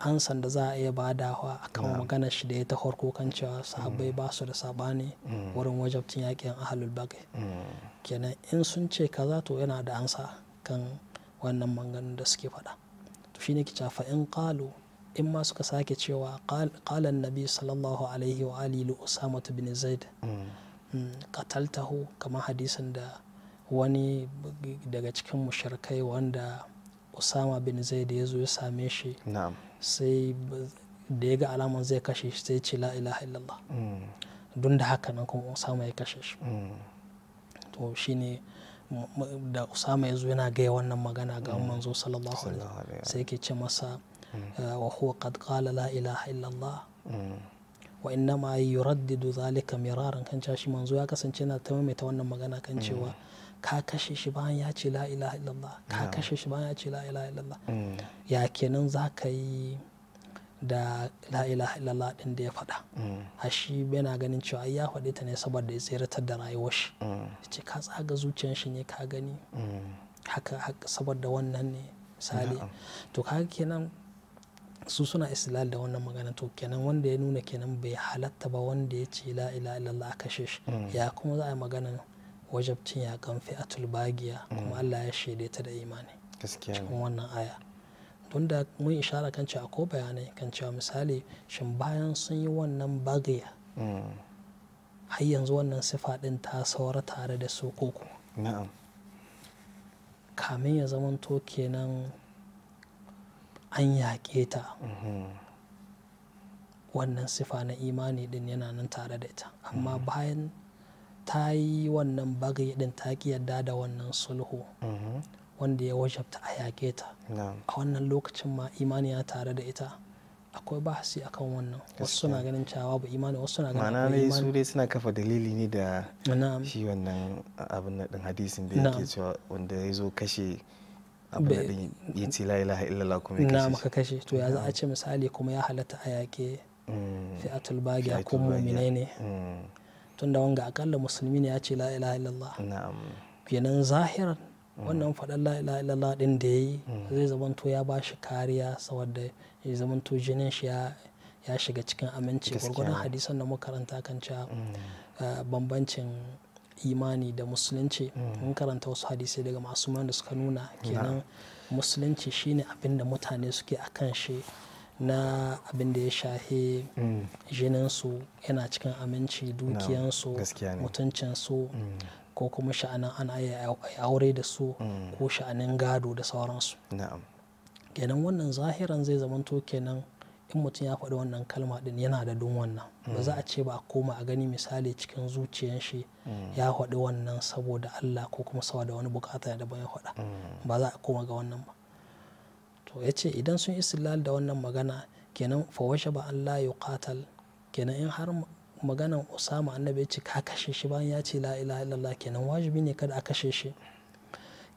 ansan da za a iya hawa a kan maganar shi da ya ta farko kan cewa sahabbai mm. ba su da sabani mm. wurin wajabtin yakin ahalul bagai mm. kenan in sun ce kaza to yana da ansa kan wannan maganganun da suke faɗa to shine ki cafa in qalu in ma suka sake cewa qalan nabi sallallahu alaihi wa alihi usama bin zaid hmm, qataltahu kamar hadisin da wani daga cikin musharkai wanda usama bin zaid ya zo ya same shi sai da ya ga alaman zai kashe shi sai ce la ilaha illallah mm. don da haka nan kuma usama ya kashe shi mm. to ne da usama ya zo yana gaya wannan magana ga mm. manzo sallallahu alaihi sai ke ce masa eh, wa huwa qad qala la ilaha illallah wa inna ma yuraddidu zalika miraran kan shi manzo ya kasance yana ta maimaita wannan magana kan cewa ka kashe shi bayan ya ce la ilaha illallah ka kashe shi bayan ya ce la ilaha illallah mm. ya kenan za ka yi da la ilaha illallah din da ya faɗa mm. a shi yana ganin cewa ya faɗi ta ne saboda ya tsiratar da rayuwar shi mm. ce ka tsaga zuciyar shi ne ka gani haka saboda wannan ne misali to ka kenan su suna islal da wannan magana to kenan wanda ya nuna kenan bai halatta ba wanda ya ce la ilaha a kashe shi ya kuma za a yi magana wajabcin yakan fi'atul bagiya kuma mm. Allah ya shaide ta da imani cikin wannan aya don da mun ishara kan cewa ko bayanai kan cewa misali shin bayan sun yi wannan bagiya mm. har yanzu wannan sifa din ta saura tare da su ko na'am kamin ya zamanto kenan an yaƙe ta mm-hmm. wannan sifa na imani din yana nan tare da ita amma mm-hmm. bayan ta yi wannan bagai din ta ki yarda da wannan sulhu mhm. wanda ya wajabta a yaƙe ta a wannan lokacin ma imani ya tare da ita akwai a akan wannan wasu suna ganin cewa ba imani wasu suna ganin ma'ana ne su dai suna kafa dalili ne da shi wannan abin na din hadisin da yake cewa wanda ya zo kashe abin din ya ce la ilaha illallah kuma ya kashe na maka kashe to ya za a ce misali kuma ya halatta a yaƙe mm. fi'atul bagiya ko mu'minai ne mm. tunda wanga akalla musulmi ne ya ce la ilaha illallah kenan zahiran wannan faɗan la ilaha illallah din da yayi zai zamanto ya ba shi kariya saboda ya zamanto jinin shi ya shiga cikin aminci gwargwadon hadisan da muka kan cewa mm. ah, bambancin imani da musulunci mm. mun karanta wasu hadisai daga masu da suka nuna kenan musulunci shine abin da mutane suke akan shi na abin da ya shahe mm. jininsu yana cikin aminci dukiyansu mutuncinsu mm. ko kuma sha'anin ana aure da su mm. ko sha'anin gado da sauransu kenan wannan zahiran zai zamanto kenan in mutum ya faɗi wannan kalma ɗin yana da dun wannan ba za a ce ba a koma a gani misali cikin zuciyan shi ya faɗi wannan saboda Allah ko kuma saboda wani bukata daban ya faɗa ba za a koma ga wannan ba to ya ce idan sun istilal da wannan magana kenan fawashe ba Allah ya katal kenan in har maganan Usama annabi ya ce ka kashe shi bayan ya ce la ilaha illallah kenan wajibi ne kada a kashe shi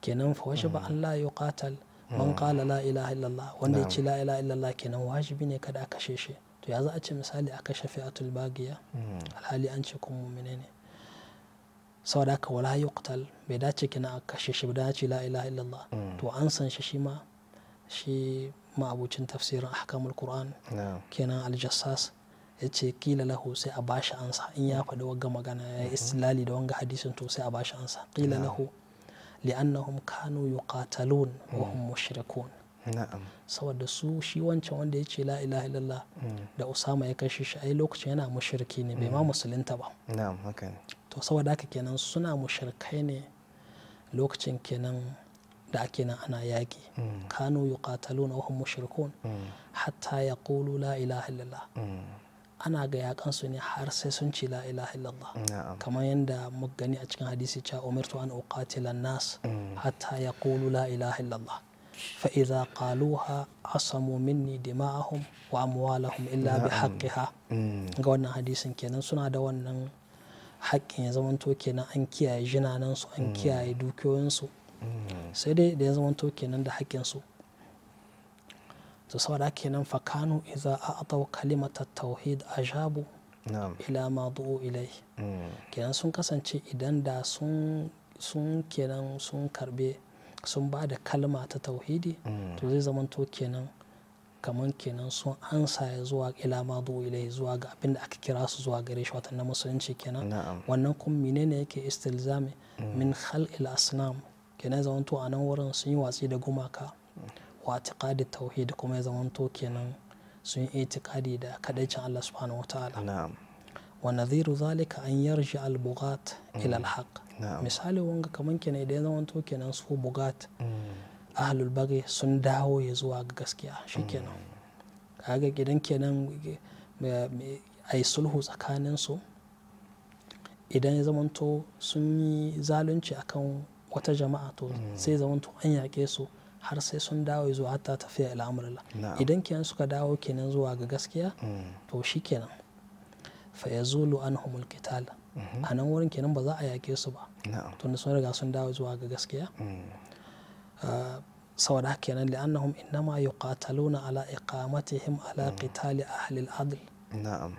kenan fawashe ba Allah ya katal man qala la ilaha illallah wanda ya ce la ilaha illallah kenan wajibi ne kada a kashe shi to ya za a ce misali a kashe fi'atul bagiya alhali an ce kun mu'mine ne saboda aka wala yuqtal bai dace kina a kashe shi ba dace la ilaha illallah to an san shi shi ma shi ma'abucin tafsirin ahkamul qur'an kenan aljassas ya ce kila lahu sai a bashi ansa in ya faɗi wagga magana ya mhm. istilali da wanga hadisin to sai a bashi ansa kila lahu li'annahum kanu yuqatalun wa hum mhm. mushrikun saboda su shi wancan wanda ya ce la ilaha illallah mm. da usama ya kashe shi ai lokacin yana mushriki ne bai ma mm. musulunta ba to saboda haka kenan suna mushrikai ne lokacin kenan da ake nan ana yaƙi mm. kanu yuqataluna na wahun mashirkun hatta ya ƙulu ilaha illallah mm. ana ga yaƙansu ne har sai sun ce la illallah kamar yadda muka gani a cikin hadisi cewa umirtu an uqatila nas mm. hatta yaqulu la ilaha illallah fa idza qaluha asamu minni dima'ahum wa amwalahum illa bi haqqiha ga wannan hadisin kenan suna da wannan haƙƙin ya zamanto kenan an kiyaye jinanansu an kiyaye dukiyoyinsu sai dai da ya zama to kenan da haƙƙinsu to saboda kenan fakanu iza a atau kalimatar tauhid ajabu ila ma du'u ilai mm. kenan sun kasance idan da sun kenan sun karbe sun ba da kalma ta tauhidi mm. to zai zamanto kenan kamar kenan sun ansa ya zuwa ila ma ilai zuwa ga abin da aka kira su zuwa gare shi watan na musulunci kenan wannan kuma menene yake istilzami mm. min hal ila asnam kenan zamanto a nan wurin sun yi watsi da gumaka wa atiqadi tauhid kuma ya zamanto kenan sun yi itikadi da kaɗaicin Allah subhanahu ta'ala wa nadhiru zalika an yarji al bugat mm. ila al misali wanga kamar kenan idan ya zamanto kenan su bugat mm. ahlul bagi sun dawo ya zuwa ga gaskiya shikenan mm. kaga gidan kenan ai sulhu tsakanin su idan ya zamanto sun yi zalunci akan wata jama'a to mm. sai to an yaƙe su har sai sun dawo zuwa hatta tafiya al'amurla idan kenan suka dawo kenan zuwa ga gaskiya mm. to shi kenan fa ya zulu an humul kital mm-hmm. a nan wurin kenan ba za a yaƙe su ba tunda sun riga sun dawo zuwa ga gaskiya mm. ah, saboda da kenan li'annahum innama yuqataluna ala iqamatihim ala qitali ahli al-adl na'am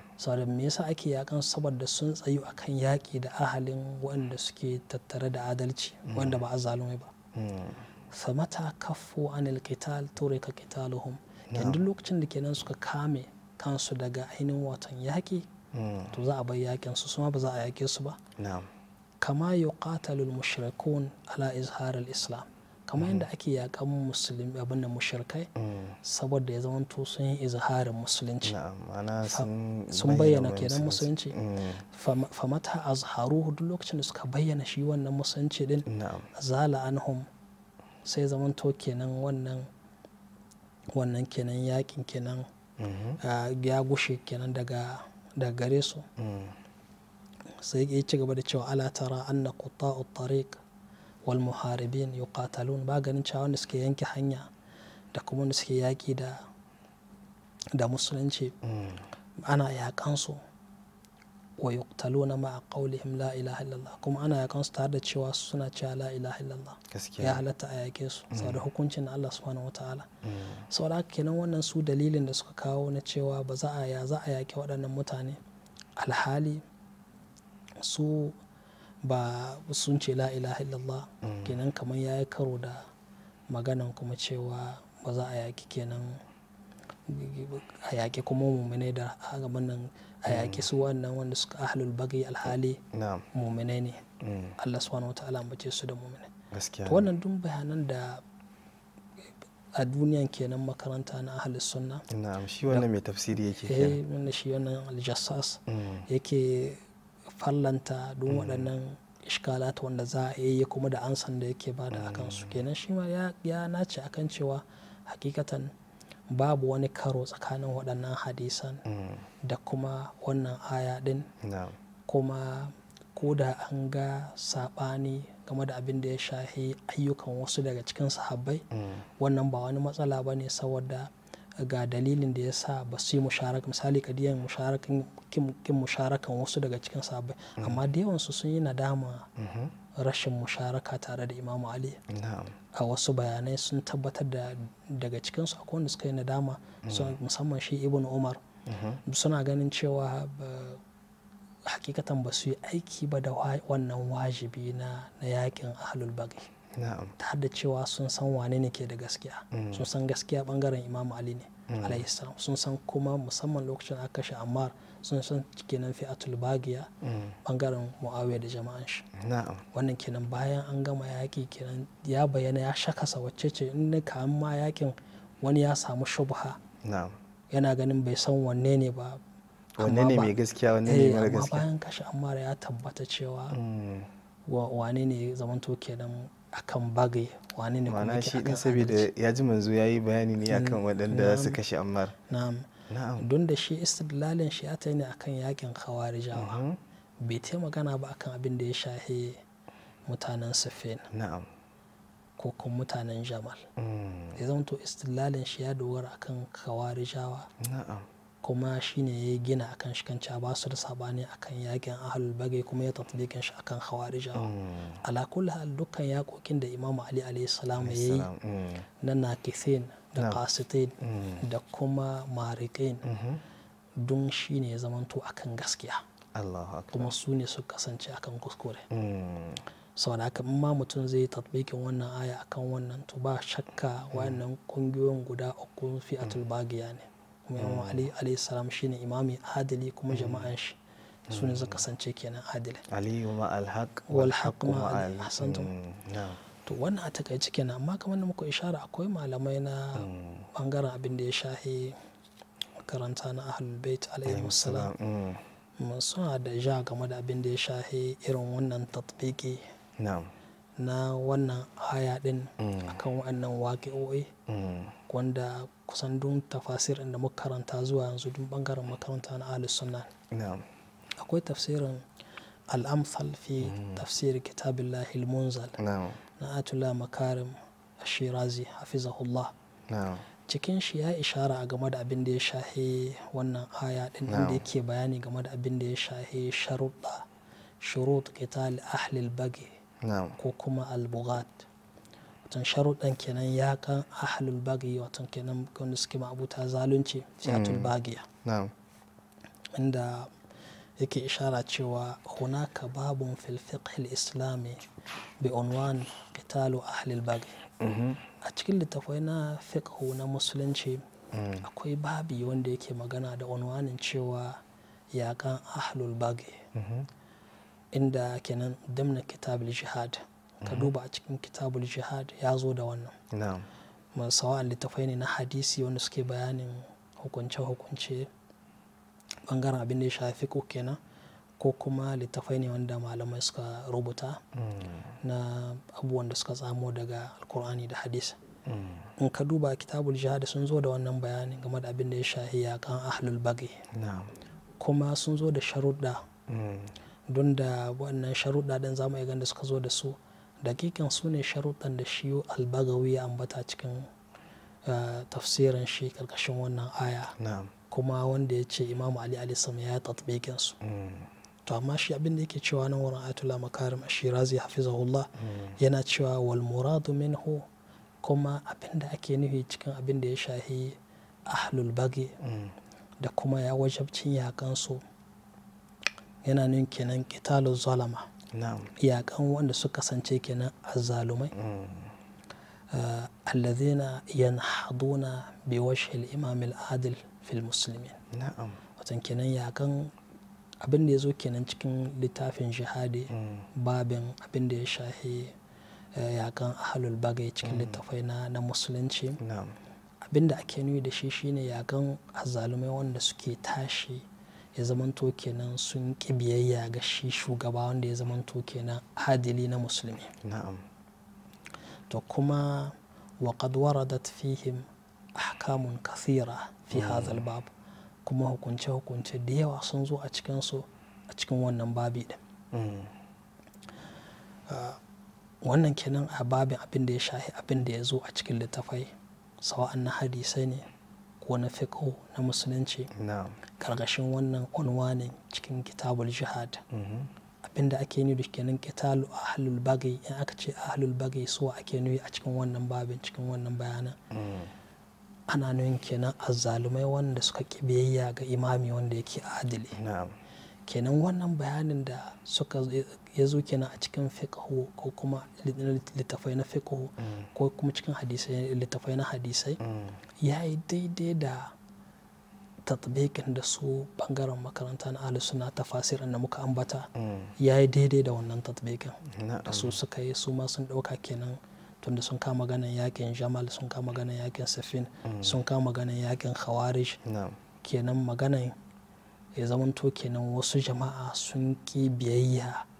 me yasa ake yakan saboda sun tsayu akan yaƙi da ahalin wanda suke tattare da adalci wanda ba a zalumai ba mm. famata kafo anil qital turika qitaluhum duk lokacin da kenan suka kame kansu daga ainihin watan yaƙi mm. to za a bar yaƙinsu su suma ba za a yaƙe su ba kama yuqatalul mushrikun ala izharil islam kamar yadda mm-hmm. ake yakan musulmi abin da mushirkai mm. saboda ya to sun yi izaharin musulunci sun bayyana kenan musulunci mm. famata azharu hudu lokacin da suka bayyana shi wannan musulunci din zala anhum sai zamanto kenan wannan wannan kenan yakin kenan mm-hmm. ya gushe kenan daga gare su mm. sai ya ci gaba da cewa ala tara anna quta'u tariq wal muharibin yuqatalun ganin cewa wanda suke yanke hanya da kuma wanda suke yaƙi da da musulunci mm. ana yaƙan su wa yuqtaluna ma qawlihim la ilaha illallah kuma ana yaƙan su tare da cewa suna cewa la ilaha illallah ya halatta a yaƙe su mm. saboda hukuncin Allah subhanahu wataala mm. saboda kenan wannan su dalilin da suka kawo na cewa ba za a ya za a yake waɗannan mutane alhali su ba sun ce la ilaha illallah mm. kenan kamar ya yi karo da maganan kuma cewa ba za a yaƙi kenan a yaƙi kuma mummune da gaban nan a mm. yaƙi su wannan wanda suka ahalul bagi alhali mummune ne mm. Allah subhanahu wa ta'ala ce su da mummune to wannan dun bayanan da a duniyan kenan makaranta na ahli sunna na'am shi wannan mai tafsiri yake eh wannan shi wannan aljassas yake fallanta don mm. waɗannan ishkalata wanda za a yi kuma da ansan da yake bada a kansu mm. kenan shi ma ya nace akan cewa hakikatan babu wani karo tsakanin waɗannan hadisan mm. da kuma wannan aya ɗin kuma ko da an ga saɓani game da abin da ya shahi ayyukan wasu daga cikin sahabbai wannan ba wani matsala ba ne saboda ga dalilin da ya sa ba su yi musharaka misali kadiyan musharakan kin musharakan wasu daga cikin sabai mm-hmm. amma da yawansu sun yi nadama mm-hmm. rashin musharaka tare da imamu ali a wasu bayanai sun tabbatar da daga cikinsu akwai wanda suka yi nadama mm-hmm. musamman shi ibn umar suna ganin cewa hakikatan ba su yi aiki ba da wannan wajibi na yakin ahlul bagi ta da cewa sun san wane ne ke da gaskiya mm. sun san gaskiya bangaren imam ali ne mm. alaihissalam sun san kuma musamman lokacin aka kashe ammar sun san kenan fi'atul bagiya bangaren mm. muawiya da jama'an shi wannan kenan bayan an gama yaki kenan ya bayyana ya shakasa wacce ce in ne ka ma yakin wani ya samu shubha yana ganin bai san wanne ne ba wanne ne mai gaskiya wanne ne eh, mara gaskiya amma bayan kashe ammar ya tabbata cewa wane ne zamanto kenan akan bagaye wani ne kuma shi din saboda ya ji manzo ya yi bayani ne akan mm, waɗanda su kashe ammar na'am don da shi istidlalin shi ya ne akan yakin khawarijawa mm-hmm. bai ta magana ba akan abin da ya shahe mutanen sufin na'am ko kuma mutanen jamal mm. ya zama to istilalin shi ya dogara akan khawarijawa na'am kuma shine ya gina akan shi kan cewa ba su da sabani akan yakin ahlul bagai kuma ya tatbikin shi akan khawarija mm. ala kulli hal dukkan yakokin da imamu ali alayhi salam yi mm. na nakithin da qasitin mm. da kuma mariqin mm-hmm. dun shine ya zamanto akan gaskiya kuma su ne su kasance akan kuskure saboda haka ma mutum zai tatbikin wannan aya akan wannan to ba shakka wannan kungiyoyin guda uku fi bagiya ne imamu eh. ali alayhi salam shine imami adali kuma hmm. jama'an shi su ne suka hmm. kasance kenan adila aliyu ma alhaq wal haq ma alhasantu hmm, to wannan a takaice kenan amma kamar da muka ishara akwai malamai na bangaren abin da ya shahi makaranta na ahlul bait alayhi salam suna da ja game da abin da ya shahi irin wannan tatbiki na wannan haya din akan wannan waƙi'o'i wanda kusan dun tafasir inda muka karanta zuwa yanzu dun bangaren makaranta na ahli sunna akwai tafsirin al fi hmm. tafsir kitabillahi al-munzal na atula makarim shirazi hafizahullah cikin shi ya ishara a game da abin da ya shahe wannan aya din inda yake bayani game da abin da ya shahe sharuɗa shurut qital ahlil bagi ko kuma al watan sharuɗan kenan ya kan ahalul bagi watan kenan wanda suke ma'abuta zalunci shatul mm. bagiya inda yake ishara cewa hunaka babun fil islami bi unwan qitalu ahlil bagi mm-hmm. a cikin littafai na fiqh na musulunci mm. akwai babi wanda yake magana da unwanin cewa yakan ahlul bagi mm-hmm. inda kenan damna kitabul jihad ka mhm. duba a cikin kitabul jihad ya zo da wannan sawa littafai ne na hadisi wanda suke bayanin hukunce-hukunce bangaren abin da ya shafi ko kenan ko kuma littafai ne wanda malamai suka rubuta mm. na abubuwan da suka tsamo daga alkur'ani da hadis mm. in ka duba kitabul jihad sun zo da wannan bayanin game da abin da ya shafi yakan ahlul bagi kuma sun zo da sharuɗa mm. don da wannan sharuɗa ɗin zamu mu iya da suka zo da su Daƙiƙan su ne sharuɗan da shi al ya ambata cikin eh, tafsirin shi ƙarƙashin wannan aya. Kuma wanda ya ce Imam Ali Alisam ya tatbikin su. Mm. To amma shi abin da yake cewa nan wurin Ayatollah Makarim hafi hafizahullah mm. yana cewa wal muradu minhu kuma abin da ake nufi cikin abinda ya shahi ahlul bagi mm. da kuma ya wajabcin yaƙansu yana nun kenan kitalu zalama yaƙan wanda suka kasance kenan azzalumai mm. eh, alladhina yanhaduna bi wajhil imam al-adil fil muslimin na'am watan kenan yaƙan abin da ya zo kenan cikin littafin jihadi mm. babin abin da ya shahi eh, yaƙan ahlul bagai cikin mm. littafai na musulunci abin da ake nuni da shi shine yaƙan azzalumai wanda suke tashi ya zamanto kenan sun ƙi biyayya ga shi shugaba wanda ya zamanto kenan adili na musulmi na'am to kuma wa qad waradat fihim ahkamun kathira fi hmm. hadha bab kuma hukunce hukunce da yawa sun zo a cikin su a cikin wannan babi din hmm. ah, wannan kenan a babin abin da ya shahi abin da ya zo a cikin littafai sawa'an na hadisai ne ko na fiko na musulunci ƙarƙashin wannan unwanin cikin kitabul jihad mm-hmm. abinda ake nufi da kenan a halul bagai in aka ce ahlul bagai suwa ake nufi a cikin wannan babin cikin wannan bayanan mm. ana nufin kenan azzalumai wanda suka ki biyayya ga imami wanda yake adili kenan wannan bayanin da suka ya zo kenan a cikin fiqhu ko kuma littafai na fiqhu ko kuma cikin hadisai littafai na hadisai ya yi daidai da tatbikin da su bangaren makaranta na ahli suna tafasirin da muka ambata ya yi daidai da wannan tatbikin da su suka yi su ma sun ɗauka kenan tunda sun kama ganin yakin jamal sun kama ganin yakin safin sun kama ganin yakin khawarij kenan maganan ya zamanto kenan wasu jama'a sun ki biyayya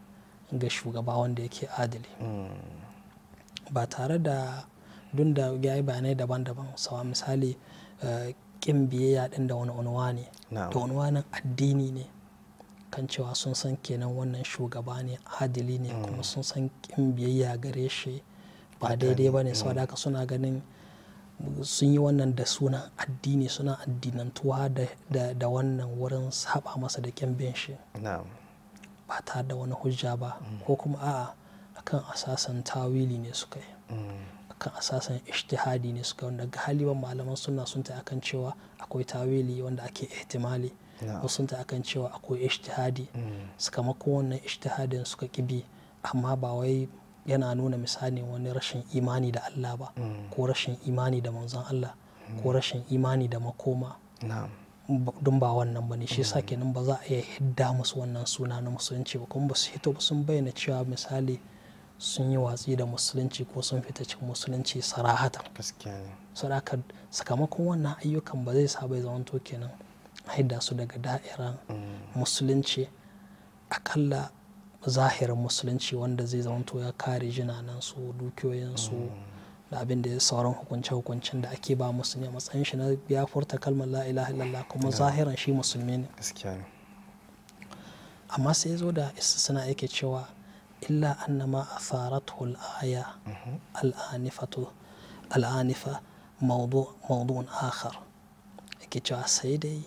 ga shugaba wanda yake adali hmm. ba tare da dun da ya yi bayanai daban-daban sawa misali kin eh, biyayya din da wani unwani da unwanin addini ne kan cewa sun san kenan wannan shugaba ne adali ne kuma hmm. sun san kin biyayya gare shi ba daidai ba ne hmm. saboda suna ganin sun yi wannan da suna addini suna addinantuwa da wannan wurin saba masa da kyan bin shi ba tare da wani hujja ba ko kuma a'a akan asasan tawili ne suka yi akan asasan ishtihadi ne suka wanda haliban malaman suna sun ta akan cewa akwai tawili wanda ake ihtimali ko sun ta akan cewa akwai ishtihadi mm. sakamakon wannan ishtihadin suka kibi amma ba wai yana nuna misali wani rashin imani da Allah ba mm. ko rashin imani da manzon Allah mm. ko rashin imani da makoma dun ba wannan ba ne shi sa mm. kenan ba za a iya hidda musu wannan suna na musulunci ba kuma ba su hito ba sun bayyana cewa misali sun yi watsi da musulunci ko sun fita cikin musulunci sarahata saraka sakamakon wannan ayyukan ba zai sa zaman zamanto kenan haida su daga da'irar mm. musulunci akalla zahirin musulunci wanda zai zamanto ya kare jinanansu dukiyoyinsu mm. da abin da ya sauran hukunce-hukuncen da ake ba musulmi a matsayin shi na ya furta kalmar la ilaha illallah kuma zahiran shi musulmi ne amma sai ya zo da isa suna yake cewa illa annama ma al-aya mhm. al'anifa anifatu akhar yake cewa sai dai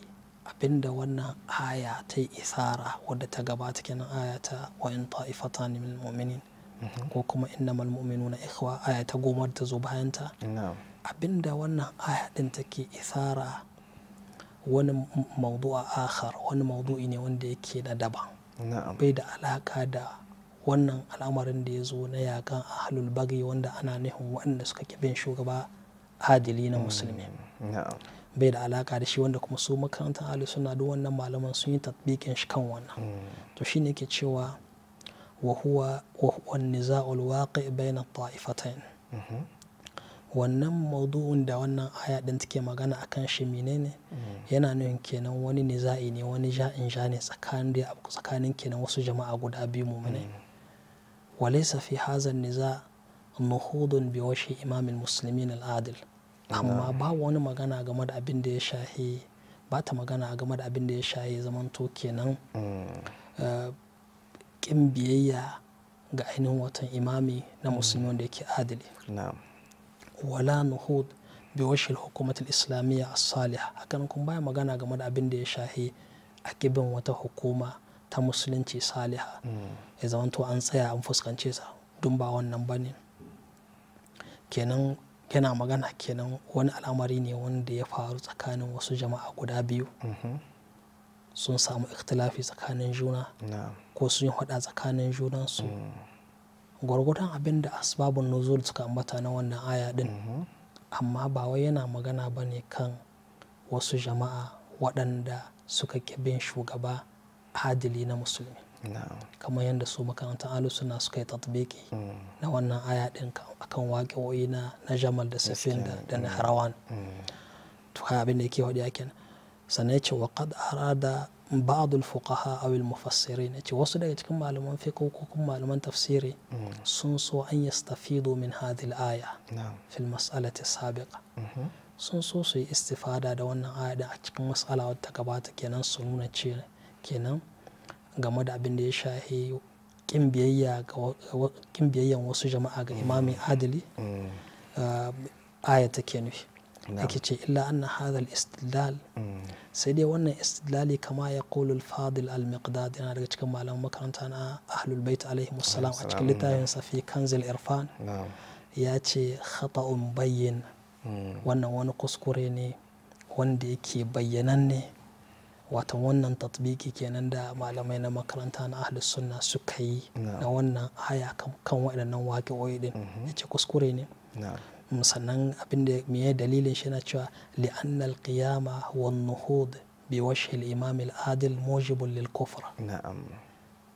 abinda wannan aya ta yi isara wadda ta gabata kenan aya ta wa'in taifata ta'ifatan mu'minin Mhm. ko kuma innamal mu'minuna ikhwa aya ta goma ta zo bayanta. abinda wannan aya din take isara wani a akhar wani maudu'i ne wanda yake da daban bai da alaka da wannan al'amarin da ya zo na yakan ahlul bagi wanda ana nufin waɗanda suka bin shugaba adili na musulmi mm, bai da alaka da shi wanda kuma su makarantar ahlus suna duk wannan malaman sun yi tatbikin shi kan wannan mm. to shine ke cewa وهو وهو النزاع الواقع بين الطائفتين wannan maudu'un da wannan aya ɗin take magana a kan shi menene mhm. yana nuhin kenan wani niza'i ne wani ja'in ja ne tsakanin kenan wasu jama'a guda biyu mu'mine mhm. wale fi hazan niza nuhudun bi washe imamil musulmi al amma ba wani magana game da abin da ya shahi ba ta magana game da abin da ya shahi zamanto kenan mm. eh, ƙin biyayya ga ainihin watan imami na musulmi wanda yake adali wala nuhud bi washi hukumatul islamiyya a salih hakan kun baya magana game da abin da ya shahi a kibin wata hukuma ta musulunci saliha mm. ya zamanto an tsaya an fuskance sa dun ba wannan bane kenan yana magana kenan wani al'amari ne wanda ya faru tsakanin wasu jama'a guda biyu mm-hmm. sun samu ikhtilafi tsakanin juna ko sun yi hada tsakanin junansu mm. gwargwadon abin da asbabun nuzul suka ambata na wannan aya din mm-hmm. amma ba wai yana magana ba ne kan wasu jama'a waɗanda suka bin shugaba adili na musulmi kamar yadda su makarantar suna suka yi tatbiki mm. na wannan aya ɗin akan waƙe na jamal da safin da na mm. harawan tuka abin da yake waɗi yakin. sannan ce wa qad arada ba'd al-fuqaha aw al na ce wasu daga cikin malaman fiqh ko kuma malaman tafsiri sun so an yastafidu min hadhihi aya fil masalati sabiqa sun so su yi istifada da wannan aya da a cikin matsala wadda ta gabata kenan su nuna ce kenan game da abin da ya shahi kin biyayyan wasu jama'a ga imamin adili aya take nufi yake ce illa an na hada istidlal mm. sai dai wannan istidlali kama ya qulu fadil al-miqdad yana daga cikin malaman makaranta na ahlul bait alaihi a cikin littafin safi kanzil irfan ya ce khata'un bayyana mm. wannan wani kuskure ne wanda yake bayyananne wata wannan tatbiki kenan da malamai na makaranta na ahlul sunna suka yi na wannan haya kan waɗannan waƙe din mm-hmm. ya ce kuskure ne sannan abin da ya dalilin shi na cewa li'anna al-qiyama wa nuhud bi wajhi al-imam al-adil mujibun lil kufr na'am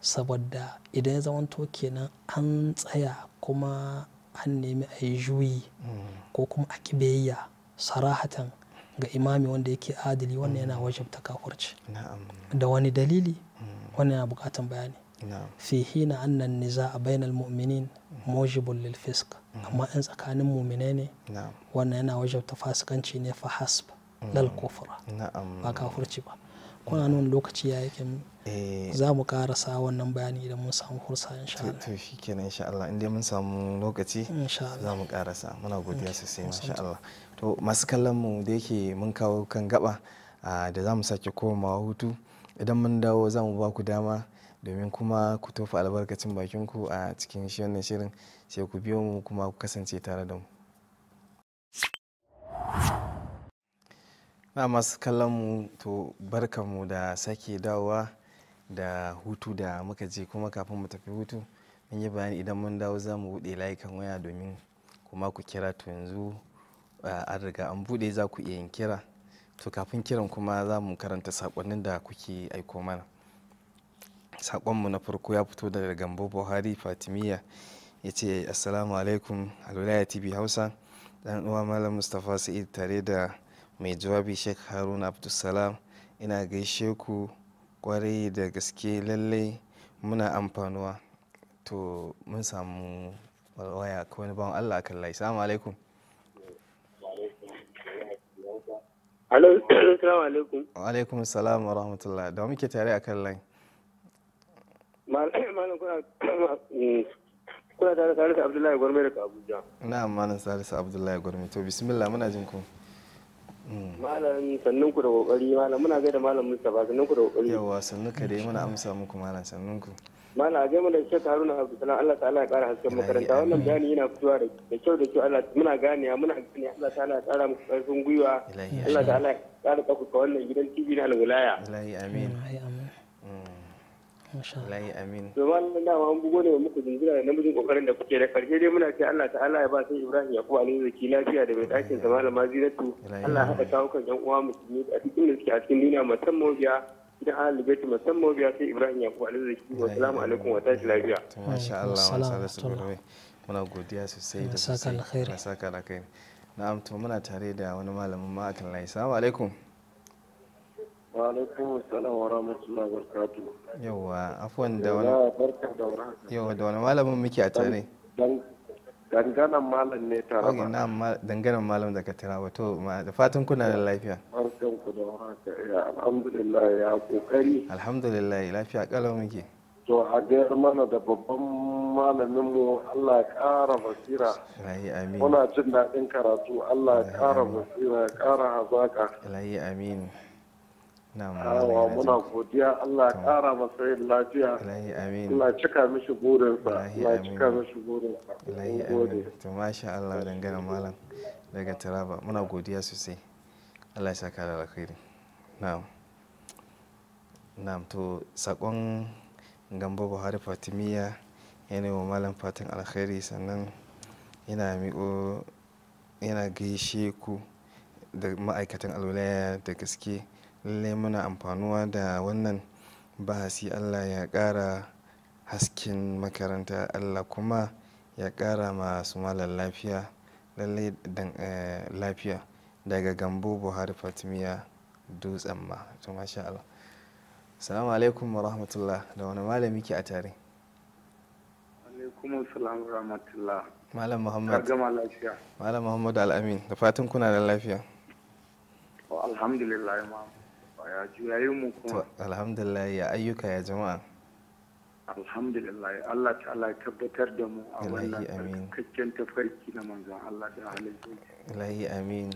saboda idan ya zamanto kenan an tsaya kuma an nemi a yi juyi mm. ko kuma a kibiyayya sarahatan ga imami wanda yake adili wannan yana mm. wajabta kafurci da wani dalili mm. wannan yana bukatan bayani fi hina annan niza a bainal mu'minin mujibun lil fisk Mm. amma in tsakanin mumine ne wannan yana wajabta fasikanci ne fa hasb mm. lal kufra ba kafurci ba kuna nuna lokaci ya yake eh. za mu karasa wannan bayani idan mun samu fursa insha Allah to shi kenan insha Allah inda mun samu lokaci za mu karasa muna godiya sosai insha Allah to masu kallon mu da yake mun kawo kan gaba da za mu sake koma hutu idan mun dawo za mu ba ku dama domin kuma ku tofa albarkacin bakin ku a cikin shi wannan shirin sai ku biyo mu kuma ku kasance tare da mu na masu kallon mu to mu da sake dawowa da hutu da muka je kuma kafin mu tafi hutu mun yi bayani idan mun dawo za mu buɗe layukan waya domin kuma ku kira to yanzu an riga an buɗe za ku iya yin kira to kafin kiran kuma za mu karanta saƙonnin da kuke aiko mana saƙonmu na farko ya fito daga gambo buhari fatimiyya ya ce assalamu alaikum alwilaya tv hausa dan uwa malam mustapha sa'id tare da mai jawabi sheikh haruna abdulsalam ina gaishe ku kwarai da gaske lallai muna amfanuwa to mun samu waya ko wani bawan allah kan layi salamu alaikum Alo, salamu alaikum. Wa alaikum salam wa rahmatullah. Da muke tare a layi. Malam kuna tare tare da Abdullahi Gwarme daga Abuja na'am malam Salisu Abdullahi Gwarme to bismillah muna jin ku hmm. malam sannan ku da kokari malam muna gaida malam Mustapha sannan ku da kokari yawa sannu ka dai muna amsa muku malam sannun ku malam a gaima da Sheikh Haruna Abdul Abdullahi Allah ta'ala ya ƙara hasken makaranta wannan bayani yana fitowa da kyau da kyau Allah muna gane muna gane Allah ta'ala ya kara muku karfin gwiwa Allah ta'ala ya kara ka wannan gidan TV na alwilaya amin Wallahi amin. Domin dama an bugo ne muku jinjira da namijin kokarin da kuke da karshe dai muna ce Allah ta'ala ya ba sai Ibrahim Yakubu Aliyu zaki lafiya da mai ɗakin sa malama Zinatu. Allah ya haɗa kawukan yan uwa musulmi a cikin da suke a cikin duniya musamman biya idan an libeti musamman biya sai Ibrahim Yakubu Aliyu zaki wa salamu alaikum wa tashi lafiya. Masha Allah wa sallallahu muna godiya sosai da sosai. Saka alkhairi. Saka alkhairi. Na'am to muna tare da wani malamin ma akan layi. Assalamu alaikum. wa da wani yawa da wani malamin muke a tare danganan malam ne tare ba na danganan malam daga tarawa to da fatan kuna da lafiya alhamdulillah ya kokari alhamdulillah lafiya kalau muke to a gayar mana da babban malamin mu Allah ya kara basira amin muna jin daɗin karatu Allah ya kara basira ya kara hazaka amin Awa muna godiya Allah ya kara masa yin lafiya. Allah cika mishi burinsa. Allah cika mishi burinsa. Ilahi amin. To masha Allah dangane malam daga Taraba muna godiya sosai. Allah ya saka da alkhairi. Na'am. Na'am to sakon Gambo Buhari fatimiyya yana wa malam fatan alkhairi sannan yana miƙo yana gaishe ku da ma'aikatan alwalaya da gaske. lallai muna amfanuwa da wannan bahasi Allah ya ƙara hasken makaranta Allah kuma ya ƙara masu malar lafiya lallai dan eh, lafiya daga gambo buhari fatimiyya dutsen ma to masha Allah salamu alaikum wa rahmatullah da wani malami ke a tare malam muhammad malam muhammad al'amin da fatan kuna da lafiya alhamdulillah ya juyayin mu kuma alhamdulillah ya ayyuka ya jama'a alhamdulillah Allah ta'ala ya tabbatar da mu a wannan cikakken tafarki na manzon Allah da halittu ilahi amin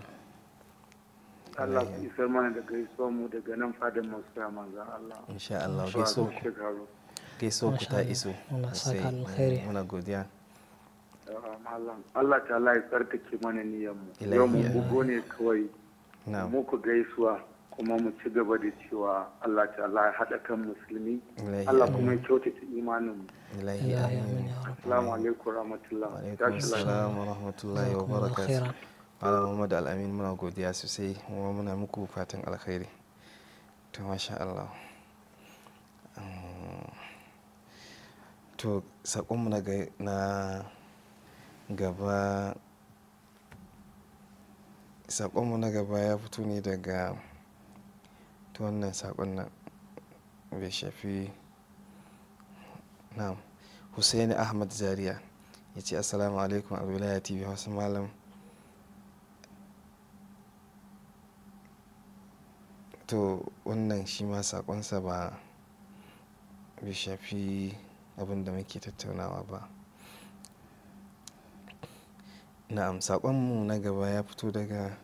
Allah ku isar mana da gaisuwa mu daga nan fadin masu ya manzon Allah insha Allah gaiso ku Gaiso ku ta iso muna godiya Allah ta ta'ala ya tsarkake mana niyyar mu yau mu bugo ne kawai Muku gaisuwa kuma mu ci gaba da cewa Allah ta'ala ya haɗa kan musulmi Allah kuma ya kyautata imanin mu assalamu alaikum rahmatullahi wa assalamu rahmatullahi wa barakatuh Malam Muhammad Al-Amin muna godiya sosai kuma muna muku fatan alkhairi to masha Allah um, to mu na gaba mu na gaba ya fito ne daga ta wannan saƙon nan bai shafi na'am Hussaini ahmad zaria ya ce assalamu alaikum abdullahi tv wasu malam to wannan shi ma sakonsa ba bai shafi abin da muke tattaunawa ba na'am sakonmu na gaba ya fito daga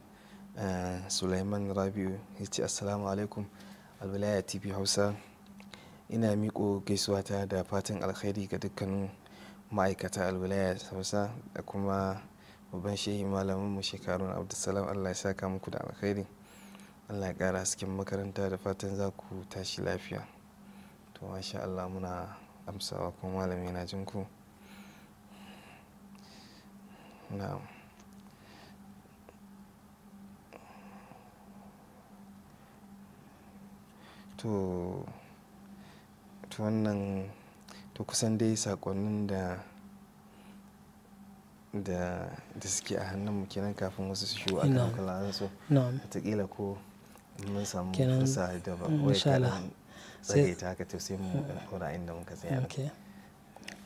Eh, Sulaiman Rabi'u ya ce Assalamu alaikum alwilaya TV Hausa ina miko gaisuwa ta da fatan alkhairi ga dukkanin ma'aikata alwilaya Hausa da kuma babban shehi malamin mu shekarun Abdulsalam Allah ya saka muku da alkhairi Allah ya kara hasken makaranta da fatan za ku tashi lafiya to masha Allah muna amsawa kuma malami na jinku na'am to wannan to kusan dai sakonnin da da da suke a hannun mu kenan kafin wasu su shigo a kan kalaran su wataƙila ko mun samu kusa da ba wai kalan tsage ta haka to sai mu ɗora inda muka tsaya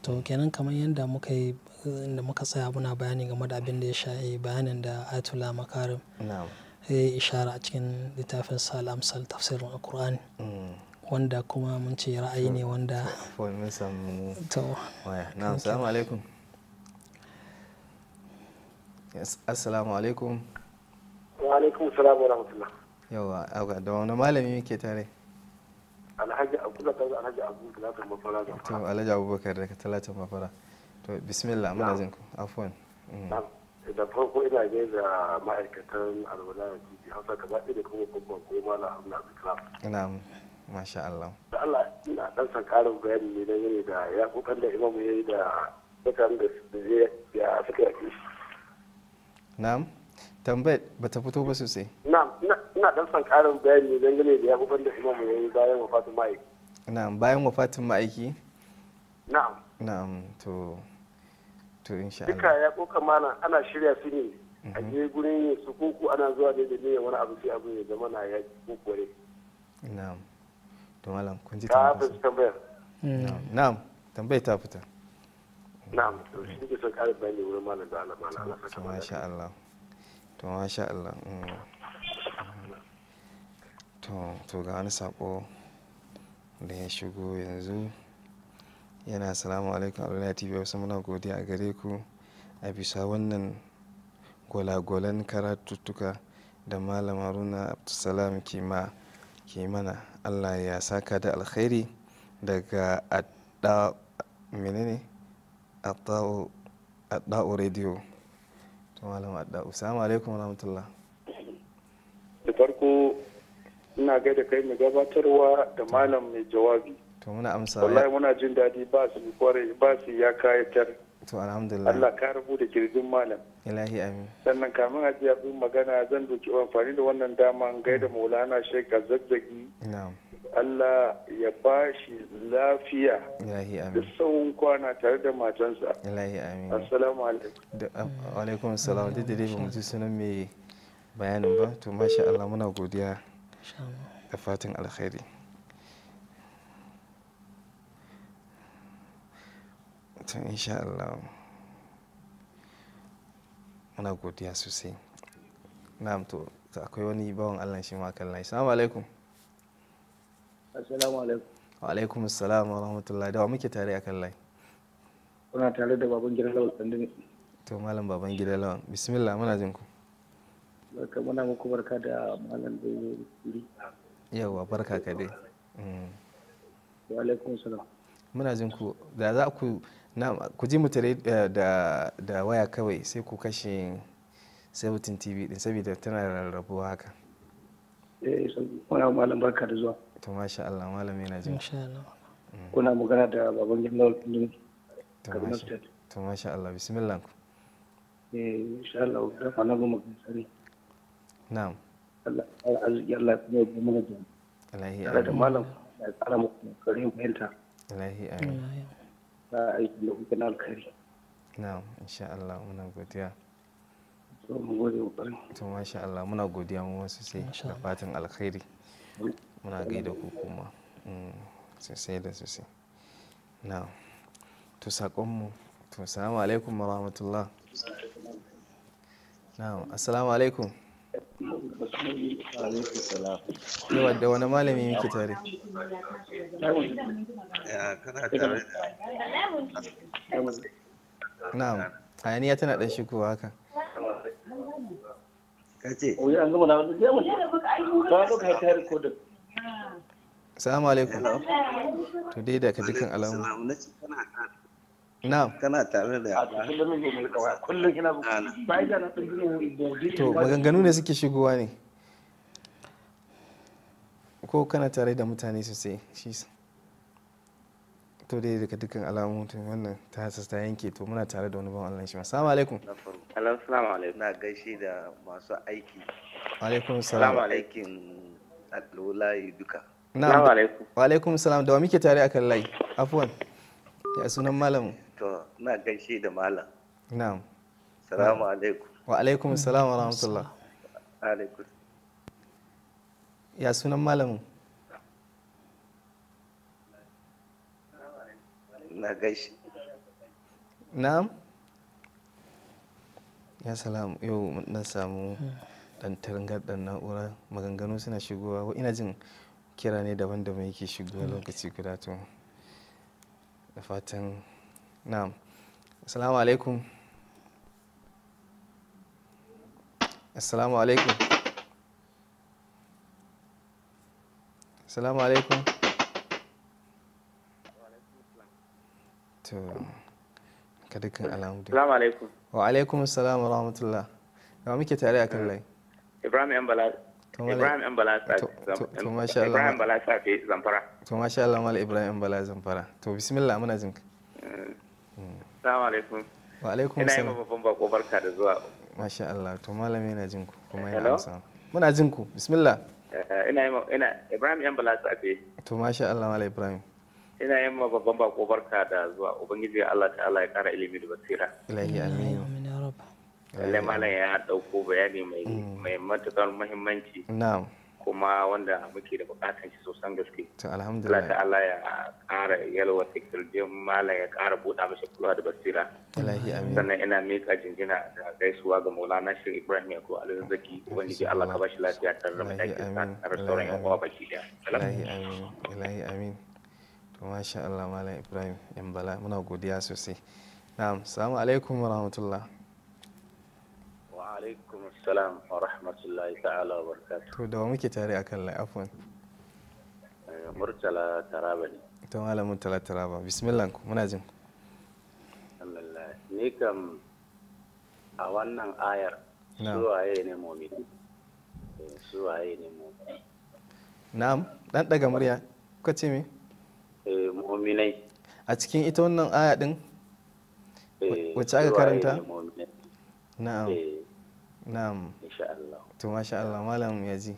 to kenan kamar yadda muka yi inda muka tsaya muna bayani game da abin da ya sha'i bayanin da atula makarim na'am ya yi ishara a cikin littafin salamsal tafsirin alkur'ani mm. wanda kuma mun ce ra'ayi ne wanda mun samu waya na alaikum assalamu alaikum wa alaikum salam wa rahmatullah yawa aga da wani malami yake tare alhaji abubakar da alhaji abubakar da mafara to alhaji abubakar da talatin mafara to bismillah muna jin ku da farko ina ne da ma'aikatan alwala da tv hausa ka zaɓi da kuma babban goma na hamna kira. Ina masha Allah da Allah ina ɗan san ƙarin bayani ne na yare da ya kukan da imamu yi da dukan da ya suka yaki na'am tambayar ba ta fito ba sosai na'am ina ɗan san ƙarin bayani ne dangane da ya kukan da imamu yi bayan wafatin ma'aiki na'am bayan wafatin ma'aiki na'am na'am to duka ya koka mana ana shirya su ne a je gurin yin su koko ana zuwa da da niyan wani abu sai abu ya zama na ya kokore na'am to malam kun ji tambayar na'am tambayar ta fita na'am to shi ke son karin bayani wurin malam da alama na Allah saka masha Allah to masha Allah mm. to ga wani sako da ya shigo yanzu yana salamu alaikum alaihi tv wasu muna godiya a gare ku a bisa wannan gwalagwalan karatuttuka da malam haruna abdulsalam kima mana allah ya saka da alkhairi daga adda menene adda'u radio malam adda'u salamu alaikum wa rahmatullah da farko ina gaida kai mai gabatarwa da malam mai jawabi to muna amsa wallahi muna jin dadi ba su kware ba su ya kayatar to alhamdulillah Allah ka rubu da kirjin malam ilahi amin sannan kamin a ji abin magana zan doki amfani da wannan dama gaida maulana sheikh zazzagi na'am Allah ya ba shi lafiya ilahi amin da tsawon kwana tare da matansa. Ilahi amin. Assalamu alaikum. wa Alaikum assalam. da dai ba mu ji sunan mai bayanin ba, to masha Allah muna godiya da fatan alkhairi. to insha Allah muna godiya sosai na'am to akwai wani bawan Allah shi ma kallon assalamu alaikum assalamu alaikum wa alaikum assalam wa rahmatullahi da wa muke tare a kallon kuna tare da baban gidan lawan ne. to malam baban gidan lawan bismillah muna jin ku barka muna muku barka da malam da yi yawa barka ka dai mm. wa alaikum assalam muna jin ku da za ku na ku ji mu tare eh, da waya kawai sai ku kashe 17 tv din saboda tana rarrabuwa haka eh wani malam barka zuwa to masha Allah malam yana jin insha Allah mm. kuna magana da baban gidan kullum to masha Allah bismillah ku eh insha Allah da fana mu magana sare na'am Allah arziki Allah ya yi mana jami'a Allah ya da malam ya tsara mu kare fahimta Allah ya za a yi da hukun alkhairi na'am insha Allah muna godiya to masha Allah muna godiya mu sosai da fatan alkhairi mm. muna gaida ku kuma mm, sosai da sosai Na to sakonmu to assalamu alaikum wa rahmatullah na'am assalamu alaikum Yawa da wani malami muke tare? Na'am, hayaniya tana ɗan shigowa haka. Kace. Salamu alaikum. To dai da ka dukkan alamu. kana tare da na ne suke shigowa ne ko kana tare da mutane sosai shi to dai daga dukkan alamu to wannan ta hasas ta yanke to muna tare da wani ban Allah shi assalamu alaikum assalamu alaikum na gaishe da masu aiki alaikum assalamu alaikum duka na'am wa alaikum salam da wa muke tare akan layi afwan ya sunan malamin to ina gaishe da malam na'am salamu alaikum wa alaikum salam wa rahmatullah alaikum ya sunan malamin na gaishe na'am ya salamu yau na samu dan tarangar dan na'ura maganganu suna shigowa ina jin kira ne daban-daban yake shigowa lokaci guda to da fatan na'am assalamu alaikum assalamu alaikum assalamu alaikum to ka dukkan alamu assalamu alaikum wa alaikum assalam wa rahmatullah da muke tare akan lai ibrahim yan bala ibrahim yan bala to masha Allah safi zamfara to masha Allah mal ibrahim yan bala zamfara to bismillah muna jinka eh, Assalamu alaikum. Wa alaikum salam. Ina yi babban bako barka da zuwa. Masha Allah, to malami yana jin ku kuma yana amsa. Muna jin ku, bismillah. Eh, ina yi ina Ibrahim yan bala tsafe. To masha Allah malai Ibrahim. Ina yi ma babban bako barka da zuwa. Ubangiji Allah ta'ala ya kara ilimi da basira. Ilahi amin. Amin ya rabba. Lallai malam ya dauko bayani mai mm. matukar muhimmanci. Na'am. kuma wanda muke da bukatan shi sosan gaske. To alhamdulillah. Allah ta Allah ya ƙara yalwa tekirjin mala ya ƙara buɗa mashi kula da basira. Allahi amin. Sannan ina miƙa jinjina da gaisuwa ga Maulana Shir Ibrahim ya Yako wani ubangiji Allah ka bashi lafiya tare da matakin sa tare da sauran yan uwa baki ɗaya. Allahi amin. Allahi amin. To masha Allah Malam Ibrahim Yan Bala muna godiya sosai. Na'am, salamu alaikum wa rahmatullah. wa alaikum assalam wa rahmatullahi ta'ala wa barakatuh to da wa muke tare akan lai afwan eh, murtala taraba ne to malam murtala taraba bismillah ku muna jin alhamdulillah ni kam a wannan ayar suwaye ne mu'mini eh, suwaye ne mu'mini na'am dan daga murya kuka ce me eh mu'minai a cikin ita wannan aya din eh, wacce aka karanta na'am na'am insha Allah to masha Allah malam yaji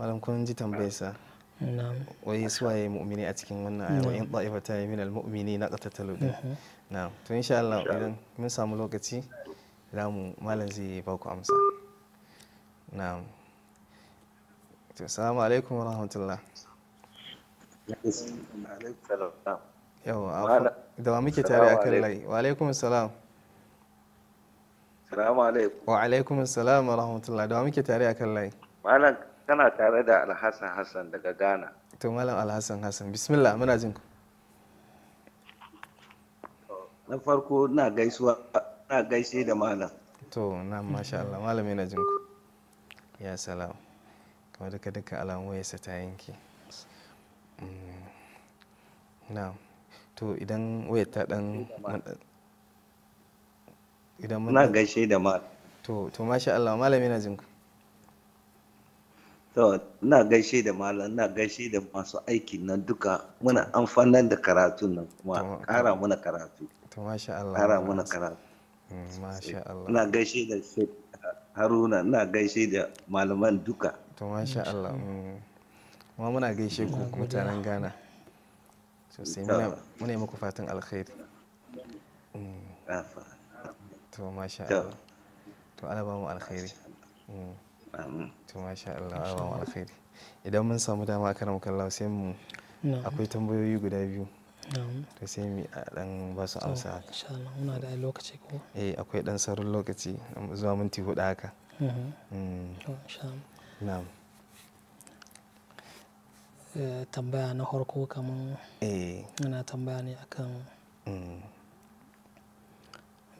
malam kun ji tambayar sa na'am wai suwaye mu'mini a cikin wannan aya wa ta yi min al-mu'mini na qatatalu mhm. na'am to insha Allah idan mun samu lokaci za mu malam zai ba ku amsa na'am to assalamu alaikum wa rahmatullah yawa da wa muke tare kan layi wa alaikum assalam Assalamu alaikum. Wa alaikum assalam wa rahmatullahi da muke tare akan layi. Malam kana tare da Alhassan Hassan daga Ghana. To Malam Alhassan Hassan bismillah muna jin ku. Na farko na gaisuwa na gaishe da malam. To na masha Allah malam yana jin ku. Ya salam. Kamar duka duka alamu sa ta yanke. Mm. Na. To idan wayar ta dan idan mun na gaishe da ma to to masha Allah malami na jin to ina gaishe da malam ina gaishe da masu aiki nan duka muna amfanar da karatun nan kuma kara muna karatu to masha Allah kara muna karatu mm, masha Allah ina gaishe da Haruna ina gaishe da malaman duka to masha Allah mm. kuma muna gaishe ku mutanen Ghana sosai muna muna muku fatan alkhairi Mm. to masha to ba mu alkhairi mm. to masha Allah ba mu alkhairi idan mun samu dama akan mu kallawa sai mu akwai tambayoyi guda biyu to sai mu dan ba su amsa haka insha Allah muna da lokaci ko eh akwai dan sarrun lokaci zuwa minti hudu haka mm-hmm. mm. na'am eh, tambaya na harko kamar eh. ana tambaya ne akan mm.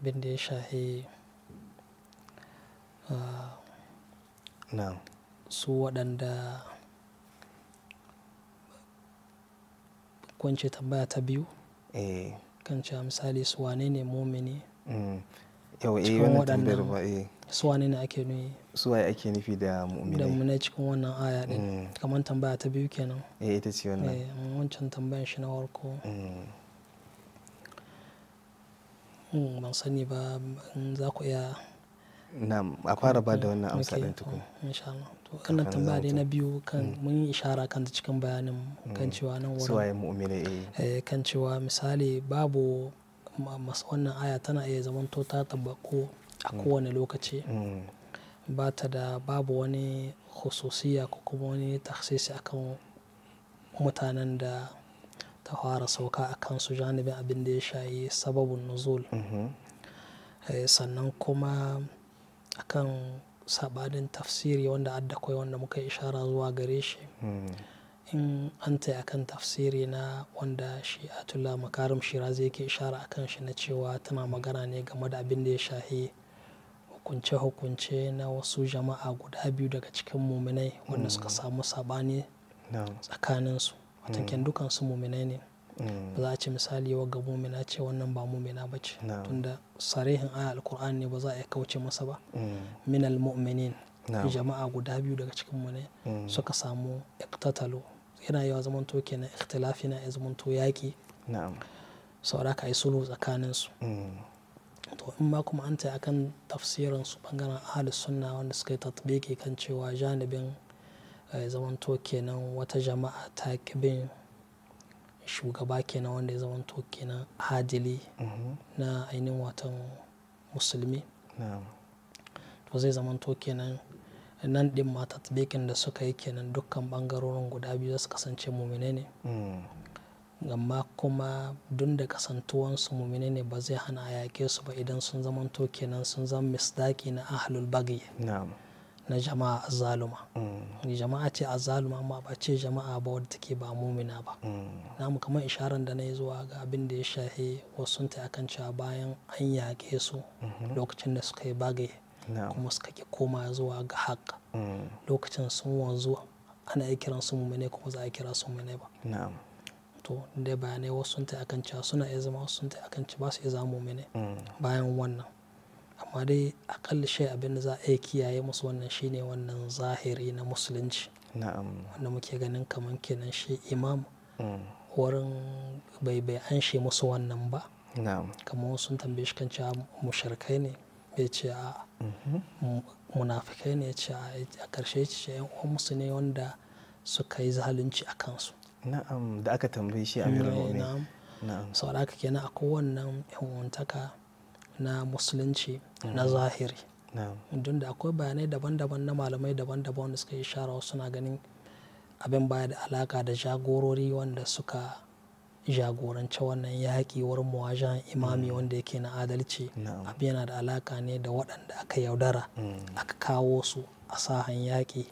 abin da ya shahi ah, su waɗanda kwance tambaya ta biyu eh. kan cewa misali suwane ne momini mm. yau eh wannan tambayar ba eh. ne ake nufi suwaye ake nufi da mu'mini da mune cikin wannan aya din mm. kamar tambaya ta biyu kenan eh ita ce wannan eh, wancan tambayan shi na farko mm. Mm, ban sani ba za ku iya na'am a fara ba da wannan amsa din tukun oh, insha Allah to wannan tambaya dai na biyu kan mm. mun ishara kan cikin bayanin kan mm. cewa nan wurin suwaye mu'mini eh. eh kan cewa misali babu wannan aya tana iya zamanto ta tabbako a kowane lokaci ba ta da babu wani khususiya ko kuma wani taksisi akan mutanen da ta fara sauka a su janibin abin da ya shayi sababin nuzul mm-hmm. eh, sannan kuma kan sabanin tafsiri wanda adda kawai wanda muka ishara zuwa gare shi mm. in an tai akan tafsiri na wanda shi atula makarim shirazi yake ishara akan shi na cewa tana magana ne game da abin da ya shahi hukunce-hukunce na wasu jama'a guda biyu daga cikin muminai wanda mm. suka samu sabani tsakaninsu watakin mm. dukansu muminai ne mm. ba za a ce misali wa ga mumina ce wannan ba mumina ba ce tunda sarihin aya alkur'ani ne ba za a kauce masa ba mm. minal mu'minin jama'a guda biyu daga cikin mu ne suka samu iktatalo yana yawa zamanto kenan ikhtilafi na ya zamanto yaki saboda ka yi sulhu tsakanin su to in ma kuma an ta akan tafsirin su bangaren ahli sunna wanda suka yi tatbiki kan cewa janibin Eh, ya zamanto kenan wata jama'a ta bin shugaba kenan wanda ya zamanto kenan adili mhm. na ainihin watan musulmi to zai zamanto kenan nan din mata da suka yi kenan dukkan bangarorin guda biyu su kasance mumine ne mm. amma kuma dun da kasantuwansu mumine ne ba zai hana a yaƙe su ba idan sun zamanto kenan sun zama misdaki na ahlul bagi. na jama'a azzaluma mm. jama'a ce azzaluma amma ba ce jama'a ba wadda take ba mumina ba mm. namu kamar isharar da na yi zuwa ga abin da ya shahe wasu ta kan cewa bayan an yaƙe su mm-hmm. lokacin da suka yi bagaye kuma suka ki koma zuwa ga haƙa mm. lokacin sun wanzu ana yi kiran su mumine kuma za a kira su mumine ba to da bayanai wasu ta kan cewa suna iya zama wasu ta kan cewa ba su iya zama mumine bayan wannan amma dai aƙalla shi abin da za a kiyaye musu wannan shine wannan zahiri na musulunci wanda muke ganin kamar kenan shi imam mm. wurin bai bai an shi musu wannan ba kamar sun tambaye shi kan cewa musharkai ne ya ce a mm-hmm. munafikai ne ya ce a ƙarshe ya ce yan uwan musu ne wanda suka yi zalunci a kansu na'am da aka tambaye shi a na'am saboda haka kenan a kowannan yan na musulunci na mm. zahiri don da akwai bayanai daban-daban na malamai daban-daban da suka yi shara suna ganin abin baya da alaka da jagorori wanda suka jagoranci wannan yaƙi wurin muwajen imami mm. wanda yake na adalci abin yana da alaka ne da waɗanda aka yaudara mm. aka kawo su asahan yaƙi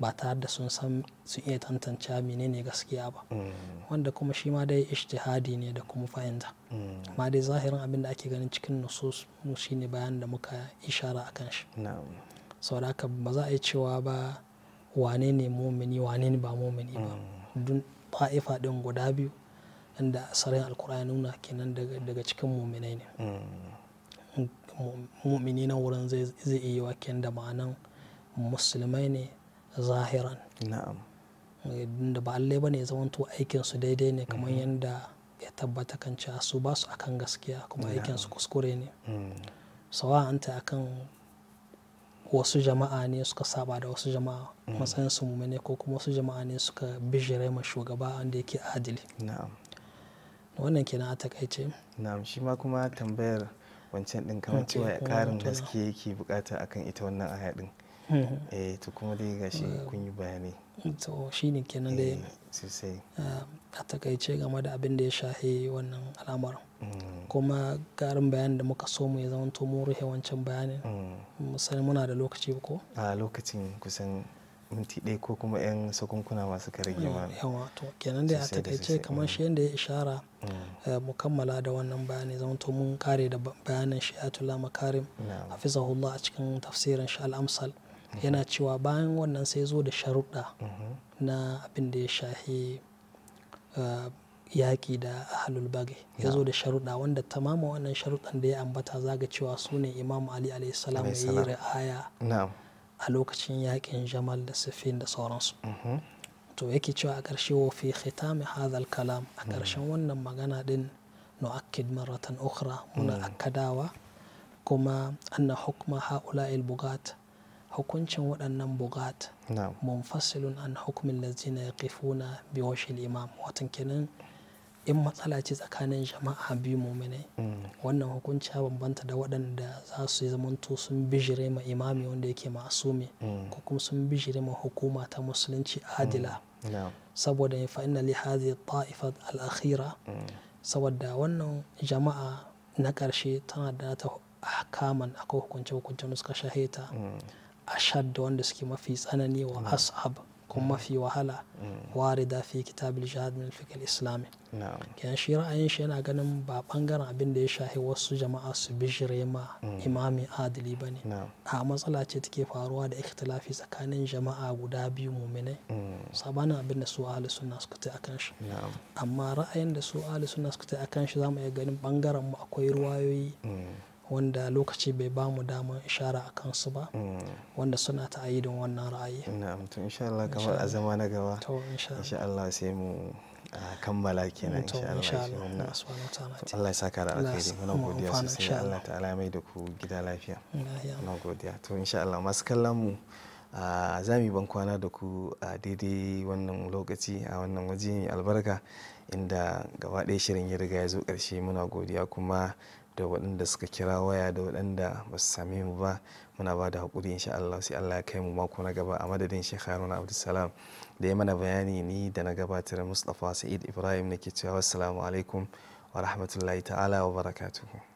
ba ta da sun san su iya tantance menene gaskiya ba mm. wanda kuma shi ma dai ishtihadi ne da kuma fahimta mm. amma dai zahirin abin da ake ganin cikin nusus mu shine bayan da muka ishara a akan shi da aka ba za a yi cewa ba wane ne mumini wane ne ba mumini ba mm. dun ta'ifa ɗin guda biyu inda asarin alkur'ani nuna kenan daga cikin muminai ne mumini na wurin zai iya wa da ma'anan musulmai ne zahiran na'am eh, da ba allai ba ne ya zamanto su daidai ne kamar mm-hmm. yadda ya tabbata kan cewa su ba su akan gaskiya kuma aikin su kuskure ne mm. sa'wa sawa'anta akan wasu jama'a ne suka saba da wasu jama'a mm. matsayin su ne ko kuma wasu jama'a ne suka bijire ma shugaba wanda yake adili na'am wannan kenan a takaice na'am shi ma kuma tambayar wancan din kamar cewa ya eh, karin gaske yake bukata akan ita wannan aya din Eh, eh to kuma dai gashi eh. kun yi bayani to shine kenan dai eh, sosai a takaice game da abin da ya shahe wannan al'amarin mm. kuma garin bayanin da muka so mu ya zama mun rufe wancan bayanin mm. musali muna da lokaci ko a lokacin kusan minti ɗaya ko kuma 'yan sakunkuna masu karage ma yawa to kenan dai a takaice kamar shi yadda ya ishara mm. mu kammala da wannan bayani zama to mun kare da bayanin shi tula makarim hafizahullah a cikin tafsirin shi al'amsal yana cewa bayan wannan sai zo da sharuɗa na abin da ya shahi eh, yaƙi da ahalul bagai ya zo da sharuɗa wanda tamama wannan sharuɗan da ya ambata zaga cewa su ne imam ali alaihissalam ya yi ra'aya a lokacin yaƙin jamal da sifin da sauransu mm-hmm. to yake cewa a ƙarshe wa fi khitami hadhal kalam a mm-hmm. ƙarshen wannan magana din nu'akkid maratan ukhra muna mm. akkadawa kuma anna hukma ha'ula'il bugat hukuncin waɗannan bugat munfasilun an hukumin lazina ya kifuna biyoshin imam watan kenan in matsala ce tsakanin jama'a biyu mummune mm. wannan hukunci ya bambanta da waɗanda za su yi zamanto sun bijire ma imami wanda yake masumi mm. ko kuma sun bijire ma hukuma ta musulunci adila mm. saboda ya fa'ina lihazi hadhi al'akhira saboda wannan jama'a na ƙarshe tana da ta hakaman akwai hukunce hukunce suka shaheta ashad da wanda suke mafi tsanani wa mm. ashab kuma mm. mafi wahala mm. warida fi al jihad min fiqh islami kenan shi ra'ayin shi yana ganin ba bangaren abin da ya shahi wasu jama'a su bijire ma imami adili bane a matsala ce take faruwa da ikhtilafi tsakanin jama'a guda biyu mu'minai sabanin abin da su ahli sunna suka ta akan shi amma ra'ayin da su ahli sunna suka ta akan shi zamu iya ganin bangaren mu akwai ruwayoyi wanda lokaci bai ba mu damar ishara a kansu ba wanda suna ta'ayidin wannan ra'ayi na'am to insha Allah kamar a zama na gaba insha Allah sai mu kammala kenan insha Allah Allah ya saka da alkhairi muna godiya sosai Allah ta'ala mai da ku gida lafiya muna godiya to insha Allah masu kallon mu za mu yi ban kwana da ku a daidai wannan lokaci a wannan waje albarka inda gaba ɗaya shirin ya riga ya zo ƙarshe muna godiya kuma da waɗanda suka kira waya da waɗanda ba su same mu ba muna ba da haƙuri insha Allah sai Allah ya kai mu mako na gaba a madadin Sheikh Haruna Abdulsalam da ya mana bayani ni da na gabatar Mustapha Sa'id Ibrahim nake cewa assalamu alaikum wa rahmatullahi ta'ala wa barakatuhu